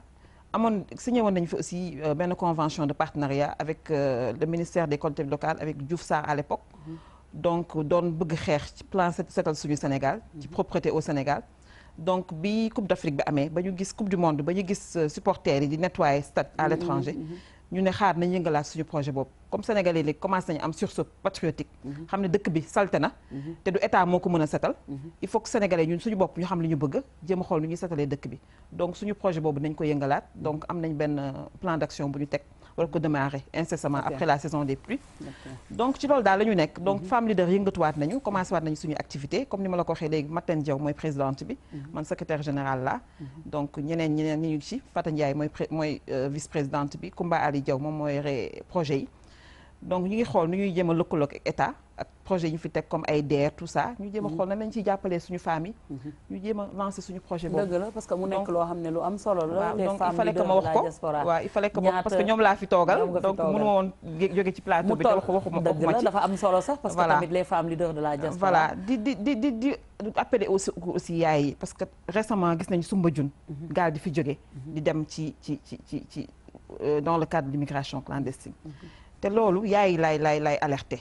B: amoon signé woon nañu fi aussi euh, benn convention de partenariat avec euh, le ministère des collectivités locales avec Diouf Sarr à l'époque mm-hmm. donc doon bëgg xeex ci plan setal suñu Sénégal ci mm-hmm. propreté au Sénégal donc bi Coupe d'Afrique bi amee ba ñu gis Coupe du Monde ba ñu gis euh, supporters yi di nettoyer stade à l'étranger mm-hmm. ñu ne xaar nañ yëngalaat suñu projet boobu comme sénégalais léegi commencé nañu am sursaut patriotique mhm. xam ne dëkk bi salte na mhm. te du état moo ko mën a setal mhm. il faut que sénégalais ñun suñu bopp ñu xam li ñu bëgg jéem a xool nu ñuy setalee dëkk bi donc suñu projet boobu nañ ko yëngalaat donc am nañ benn plan d'action bu ñu teg war ko démarrer incessamment après la saison des pluies donc ci loolu daal la ñu nekk donc mhm. femme leader yëngatuwaat nañu commencé waat nañu suñu activité comme ni ma la ko waxee léegi Matane Diaw mooy présidente bi mhm. man secrétaire général la mhm. donc ñeneen ñeneen ñu ngi ci Fata Ndiaye mooy mooy euh, vice présidente bi Koumba Ali Diaw moom mooy projet yi donc ñu ngi xool nu ñuy jéem a lëkkaloog état ak projet ñu fi teg comme ay DER tout ça ñu jéem a mm-hmm. xool nan lañ ciy jàppalee suñu famille mm-hmm. ñu a lancer suñu projet boobu
A: parce que mu nekk loo xam ne lu am solo la donc il fallait que ma wax ko waaw il
B: fallait que ma parce que ñoom laa fi toogal donc mënu ma la dafa am solo sax parce que tamit les femmes leaders de la diaspora voilà di di di di di gis nañu sumba jun mm-hmm. gaal di fi jóge di dem ci ci ci ci ci euh, dans le cadre de l'immigration clandestine te loolu yaay laay laay laay alerté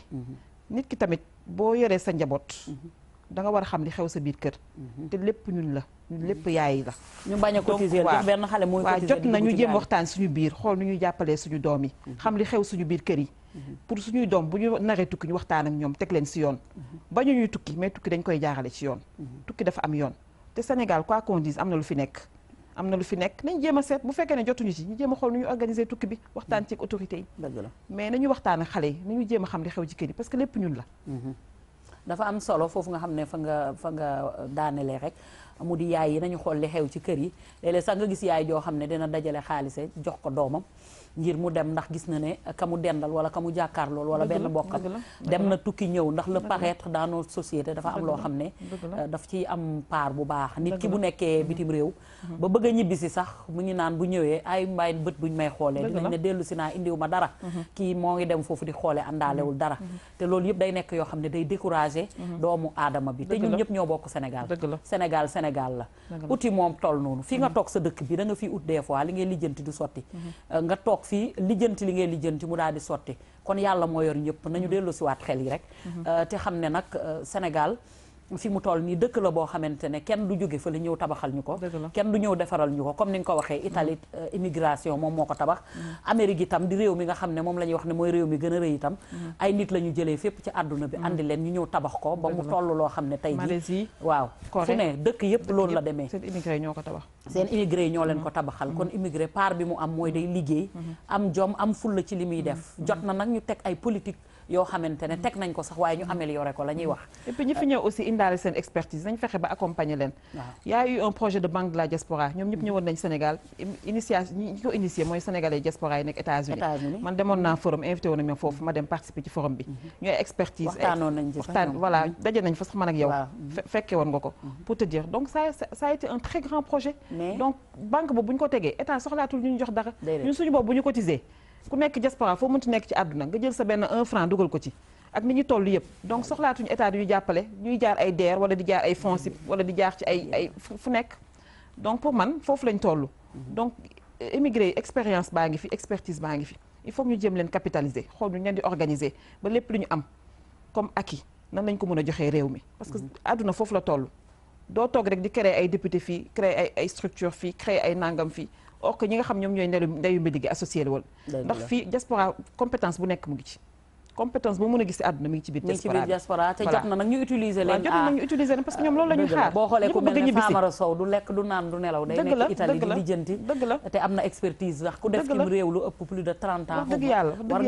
B: nit ki tamit boo yoree sa njaboot. Mhm. da nga war a xam li xew sa biir kër. Mhm. te lépp ñun la ñun lépp mhm. yaay la. ñu bañ a cotiser jox xale mooy cotiser jot na ñu jéem waxtaan suñu biir xool nu ñuy jàppalee suñu doom yi. xam li xew suñu biir kër yi. pour suñuy doom bu ñu naxee tukki ñu waxtaan ak ñoom teg leen si yoon. bañu ñuy tukki may tukki dañ koy jaaxale ci yoon. tukki dafa am yoon. te Sénégal quoi qu'on dise am na lu fi nekk. am na lu fi nekk nañ jéem a seet bu fekkee ne jotuñu ci ñu jéem a xool nu ñu organiser tukki bi waxtaan ci autorité yi mais nañu waxtaan ak xale yi nañu jéem a xam di xew ci kër yi parce que lépp ñun la mhm.
A: dafa am solo foofu nga xam ne fa nga fa nga euh, daanelee rek mu di yaay yi nañu xool li xew ci kër yi léeg-léeg sax nga gis yaay joo xam ne dina dajale xaalise eh, jox ko doomam ngir mu dem ndax gis na ne ka mu dendal wala kamu mu jàkkaar lool wala benn bokkal dem na tukki ñëw ndax le paraître dans nos sociétés dafa am loo xam ne euh, daf ci am paar bu baax nit ki bu nekkee bitim réew ba bëgg a ñibbisi sax mu ngi naan bu ñëwee ay mbaay bët bu ñu may xoolee dinañ ne dellu si naa indiwu ma dara mhm. kii moo ngi dem foofu di xoolee àndaalewul mhm. dara mhm. te loolu yëpp day nekk yoo xam ne day décourager doomu aadama bi te ñun ñëpp ñoo bokk Sénégal Sénégal Sénégal la uti moom toll noonu fi nga toog sa dëkk bi da nga ut des fois li ngay lijjanti du sotti euh, fii lijjanti li ngay lijjanti mu daal di sotti kon yàlla moo yor ñëpp nañu mm-hmm. dellu si waat xel yi rek mm-hmm. euh, te xam ne nag euh, Sénégal fi mu toll nii dëkk la boo xamante ne kenn du jóge fa la ñëw tabaxal ñu ko kenn du ñëw defaral ñu ko comme ni nga ko waxee Italie mm-hmm. euh, immigration moom moo ko tabax mm-hmm. Amérique itam di réew mi nga xam ne moom la ñuy wax ne mooy réew mi gën a rëy itam mm-hmm. ay nit la ñu jëlee fépp ci àdduna bi andi leen ñu ñëw tabax ko ba mu toll loo xam ne tey ji waaw fu ne dëkk yëpp loolu la demee seen immigré ñoo ko tabax seen immigré ñoo leen ko tabaxal kon immigré part bi mu am mooy day liggéey am jom am fulla ci li muy def jot na nag ñu teg ay politique yoo xamante
B: ne teg nañ ko sax waaye ñu amélioré ko la ñuy wax. et puis ñi fi ñëw aussi indaale seen expertise nañ fexe ba accompagner leen. waaw y a eu un projet de banque de la diaspora ñoom mm. ñi mooy sénégalais diaspora yi nekk États-Unis man demoon naa mm. forum invité dem participer ci forum bi. Mm-hmm. ñooy expertise eh, waxtaanoon nañ ci waxtaan voilà mm-hmm. daje fekke woon nga ko. Mm-hmm. pour te dire donc ça ça a été un très grand projet. donc banque boobu bu ñu ko tegee état soxlaatul ñu ñu jox dara. ñun suñu boobu bu ñu cotiser ku nekk diaspora foo mënti nekk ci àdduna nga jël sa benn un franc dugal ko ci ak ni ñu toll yëpp donc soxlaatuñu état yu jàppale ñuy jaar ay DER wala di jaar ay FONSIP wala di jaar ci ay ay fu nekk donc pour man foofu lañ toll donc émigré expérience baa ngi fi expertise baa ngi fi il faut ñu jëm leen capitaliser xool ñu ñan di organiser ba lépp lu ñu am comme acquis nan lañ ko mën a joxee réew mi parce que mhm. àdduna foofu la toll doo toog rek di créer ay député fii créer ay ay fii créer ay nangam fii ok ñi nga xam ñoom ñooy ndeyu ndeyu mbedd gi associé la woon ndax fii diaspora compétence bu nekk mu ngi ci compétence boo mën a gis si àdduna mi ngi ci biir diaspora te jot na ah, nag ñu utiliser leen parce que ñoom loolu la xaar boo xoolee ku
A: a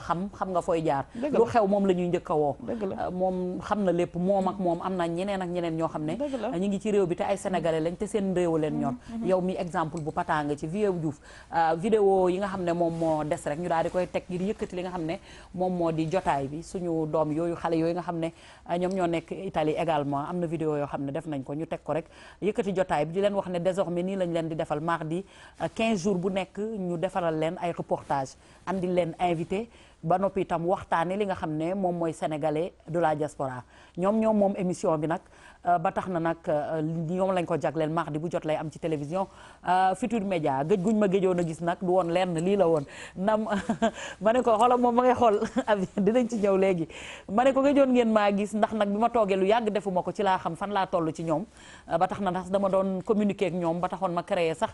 A: xam xam nga fooy xew moom la ñuy njëkk a woo uh, moom xam na lépp moom ak moom am na ñeneen ak ñeneen ñoo xam ne ñu ngi ci réew bi te ay sénégalais lañ te seen réew leen ñor mm-hmm, mm-hmm. mi exemple bu patanga ci vieux Diouf uh, vidéo yi nga xam moom moo des rek ñu daal di koy teg ngir yëkkati li nga xam ne moom moo di jotaay bi suñu doom yooyu xale yooyu nga xam ne ah, ñoom ñoo nekk Italie également am na vidéo yoo xam ne def nañ ko ñu teg ko rek yëkkati jotaay bi di leen wax ne désormais nii lañ leen di defal mardi 15 ah, jours bu nekk ñu defaral leen ay reportage andi leen invité ba noppi itam waxtaane li nga xam ne moom mooy sénégalais de la diaspora ñoom ñoom moom émission bi nag Euh, ba tax na nag euh, ñoom lañ ko jagleen jagleel mardi bu jot lay am ci télévision euh, Futur Média gëj guñ ma gëjoon a gis nag du woon lenn lii la woon nam ma ne ko xoolal moom ma ngay xool dinañ ci ñëw léegi ma ne ko gëjoon ngeen maa gis ndax nag bi ma toogee lu yàgg defuma ko ci laa xam fan laa toll ci ñoom ba tax na ndax dama doon communiquer ak ñoom ba taxoon ma créer sax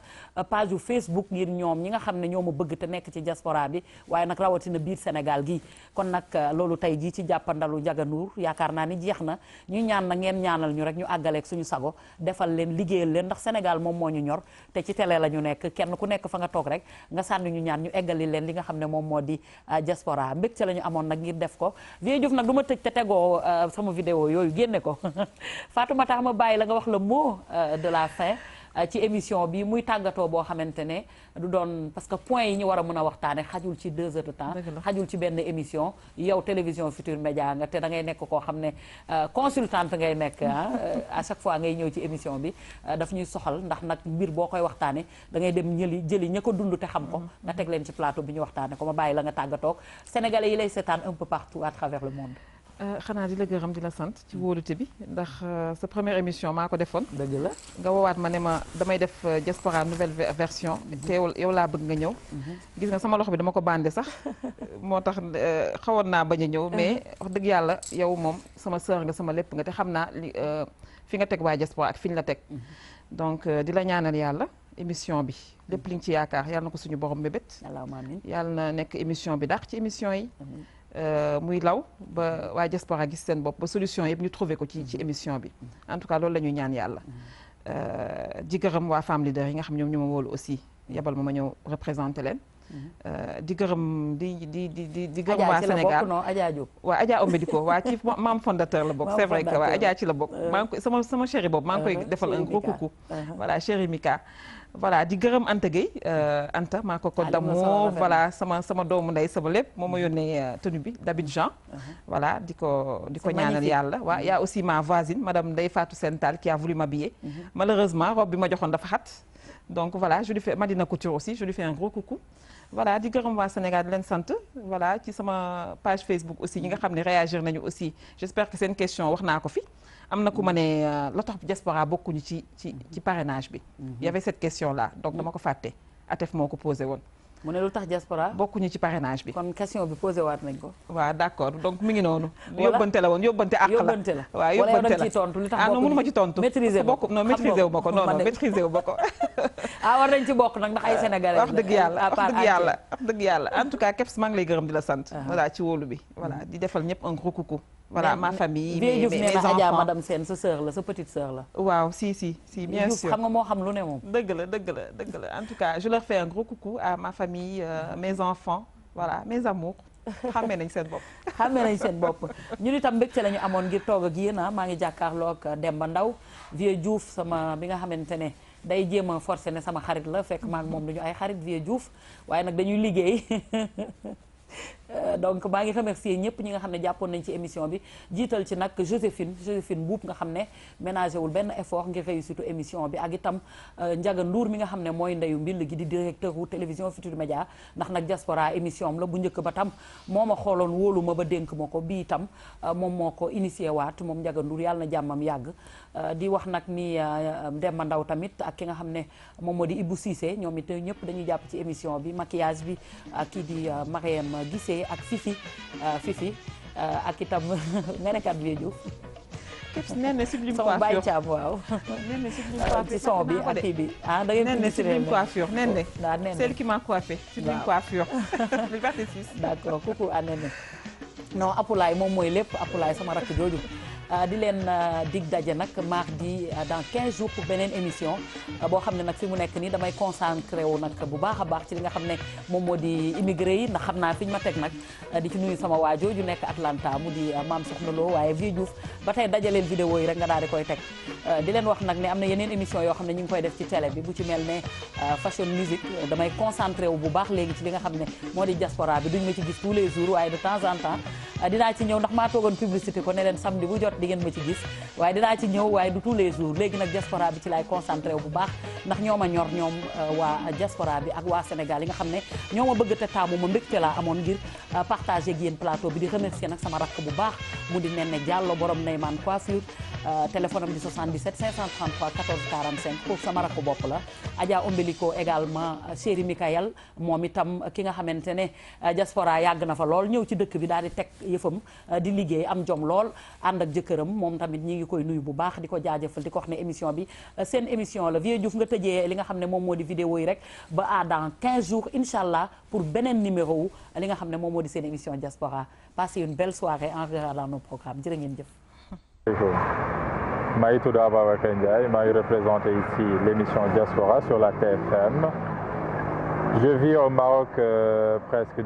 A: page yu Facebook ngir ñoom ñi nga xam ne ñoo ma bëgg te nekk ci diaspora bi waaye nag rawatina biir Sénégal gi kon nag loolu tey jii ci jàppandalu Ndiaga yaakaar naa ni jeex na ñu ñaan ngeen ñaanal ñu rek ñu àggaleeg suñu sago defal leen liggéeyal leen ndax Sénégal moom moo ñu ñor te ci télé la ñu nekk kenn ku nekk fa nga toog rek nga sànni ñu ñaan ñu eggali leen li nga xam ne moom moo di ah, diaspora mbégte la ñu amoon nag ngir def ko Vieux Diouf nag du ma tëj te tegoo ah, sama vidéo yooyu génne ko Fatoumata ma bàyyi la nga wax la moo ah, de la fin Euh, ci émission bi muy tàggatoo boo xamante ne du doon parce que point yi ñu war a mën a waxtaane xajul ci deux heures de temps xajul ci benn émission yow télévision Futur Média nga te da ngay nekk koo xam ne euh, consultante ngay nekk ah, euh, à chaque fois ngay ñëw ci émission bi daf ñuy soxal ndax nag mbir boo koy waxtaane da ngay dem ñëli jëli ña ko dund te xam ko nga teg leen ci plateau bi ñu waxtaane ko ma bàyyi la nga tàggatoog sénégalais yi lay seetaan un peu partout à travers
B: Euh, xanaa di la gërëm di la sant ci mm. wóolute bi ndax euh, sa première émission maa ko defoon. dëgg la nga woowaat ma ne ma damay def euh, diaspora nouvelle version. Mm-hmm. teewul yow laa bëgg nga ñëw. Mm-hmm. gis nga sama loxo bi dama ko bandé sax moo tax xawoon naa bañ a ñëw. mais mm-hmm. wax dëgg yàlla yow moom sama sœur nga sama lépp nga te xam naa li fi nga teg waa diaspora ak fi ñu la teg. donc di la ñaanal yàlla. émission bi lépp li nga ci yaakaar yàlla na ko suñu borom mébét. yàlla na nekk émission bi dàq ci émission yi. Euh, muy law ba waa diaspora gis seen bopp ba solution yëpp ñu trouvé ko ci ci émission bi en tout cas loolu la ñuy ñaan yàlla euh, di gërëm waa femme leader yi nga xam ñoom ñu ma wóolu aussi yebal ma ma ñëw représenté leen euh, di gërëm di di di di di gërëm waa Sénégal Adja Diop waa Adja Ombe Diko waa ci membre fondateur la bokk c'est vrai que waa Adja ci la bokk maa ngi koy sama sama chéri boobu maa ngi koy defal un gros coucou voilà chéri Mika voilà di gërëm Anta Gueye euh, Anta maa ko ko damoo voilà sama sama doomu ndey sama lépp moom ma mhm. yónnee euh, tenue bi d'Abidjan mhm. voilà di ko di ko ñaanal yàlla waaw y aussi ma voisine madame Ndeye Fatou Sental qui a voulu m'habiller mhm. malheureusement robe bi ma joxoon dafa xat donc voilà je lui fais Madina Couture aussi je lui fais un gros voilà di gërëm waa Sénégal di leen sant voilà ci sama page Facebook aussi ñi nga xam ne réagir nañu aussi j'espère que seen question wax naa ko fi am na ku ma ne euh, la tax diaspora bokkuñu ci ci mhm. ci parrainage bi. Mhm. y avait cette question là donc dama ko fàtte ATEF moo ko posé woon. mu ne lu tax diaspora bokkuñu ci parrainage bi. kon question bi posé waat nañ ko. waa d' accord donc mi ngi noonu. yóbbante la woon yóbbante àq la yóbbante la waaw yóbbante la tontu li tax ah ci tontu. maîtriser wu ma ko non non maîtriser ma ko.
A: ah war nañ ci bokk nag ndax ay sénégalais wax dëgg yàlla wax
B: dëgg yàlla en tout cas Kebs maa ngi lay gërëm di la sant. Uh-huh. voilà ci wóolu bi. voilà mm-hmm. di defal ñëpp un gros voilà ma famille. mes mes enfants Adja madame Sène sa seur la sa petite sœur la. waaw si si si bien sûr xam nga moo xam lu ne moom. dëgg la dëgg la dëgg la en tout cas je leur fais un gros coucou à ma famille euh, mes enfants voilà mes amours. xàmmee nañ seen bopp. xàmmee nañ seen bopp ñun itam mbégte amoon ngir toog ak yéen ah maa ngi jàkkaarloo dem ba Ndaw Vieux
A: Diouf sama bi nga xamante ne day jéem a forcé ne sama xarit la fekk maak moom du ñu ay xarit Vieux Diouf waaye nag dañuy liggéey. Euh, donc baa ngi remercier ñëpp ñi nga xam ne jàppoon nañ ci émission bi jiital ci nag Joséphine Joséphine Buub nga xam ne ménagé wul benn effort ngir réussite émission bi ak itam euh, Njaga mi nga xam ne mooy ndeyu mbill gi di directeur wu télévision Futurs Médias ndax nag diaspora émission la bu njëkk ba tam moo ma xooloon wóolu ba dénk ko bi itam euh, moom moo ko initié waat moom Njaga yàlla jàmmam yàgg di wax nag ni Demba Ndaw tamit ak ki nga xam ne moom moo di Ibou Cissé ñoom it ñëpp dañuy jàpp ci émission bi maquillage bi ak kii di Mariam Kee ak Fifi euh, Fifi euh, ak itam nga nekkaat Vieux Diouf képp si nen na sublime coiffure sama bàyyi caam waaw.
E: nen na sublime euh, bi ak kii bi
A: ah da ngeen. nen na sublime coiffure nen oh, de. waaw nen de celle qui m'a non Apulaay moom mooy lépp Apulaay sama rakk jooju. Euh, di leen euh, dig daje nag mardi euh, dans 15 jours pour beneen émission boo xam ne nag fi mu nekk nii damay concentré wu nag bu baax a baax ci li nga xam ne moom moo di immigré yi ndax xam naa fi ñu teg nag di ci nuyu sama waajoo ju nekk Atlanta mu di maam Soxna Lo waaye Vieux Diouf ba tey dajaleel vidéo yi koy teg leen wax nag ne am na yeneen émission yoo xam ne ñu ngi koy def ci télé bi bu ci mel ne fashion musique damay concentré nga xam ne moo di diaspora bi duñ ma ci gis tous les jours waaye de temps en temps dinaa ci ñëw ndax maa toogoon publicité ko ne leen samedi bu jot yëpp di ngeen ma ci gis waaye dinaa ci ñëw waaye du tous les jours léegi nag diaspora bi ci laay concentré bu baax ndax ñoo ma ñor ñoom euh, waa diaspora bi ak waa Sénégal yi nga xam ne ñoo ma bëgg te taamu ma mbégte laa amoon ngir euh, partagé ak yéen plateau bi di remercier nag sama rakk bu baax mu di Nene Diallo borom Neyman Coiffure euh, téléphone am di 77 533 14 45 pour sama rakk bopp la Adja Ombeliko également chéri Mikael moom itam ki nga xamante ne diaspora yàgg na fa lool ñëw ci dëkk bi daal di teg yëfam di liggéey am jom lool këram moom tamit ñi ngi koy nuyu bu baax di ko jaajëfal di ko wax ne émission bi euh, seen émission la Vieux Diouf nga tëjee li nga xam ne moom moo di vidéo yi rek ba à dans 15 jours incha allah pour beneen numéro wu li nga xam ne moom moo di seen émission diaspora passez une belle soirée en regardant nos programmes jërë ngeen jëf
C: maa ngi tudd Ababacar Ndiaye maa ngi représenté ici l'émission Diaspora sur la TFM je vis au Maroc euh, presque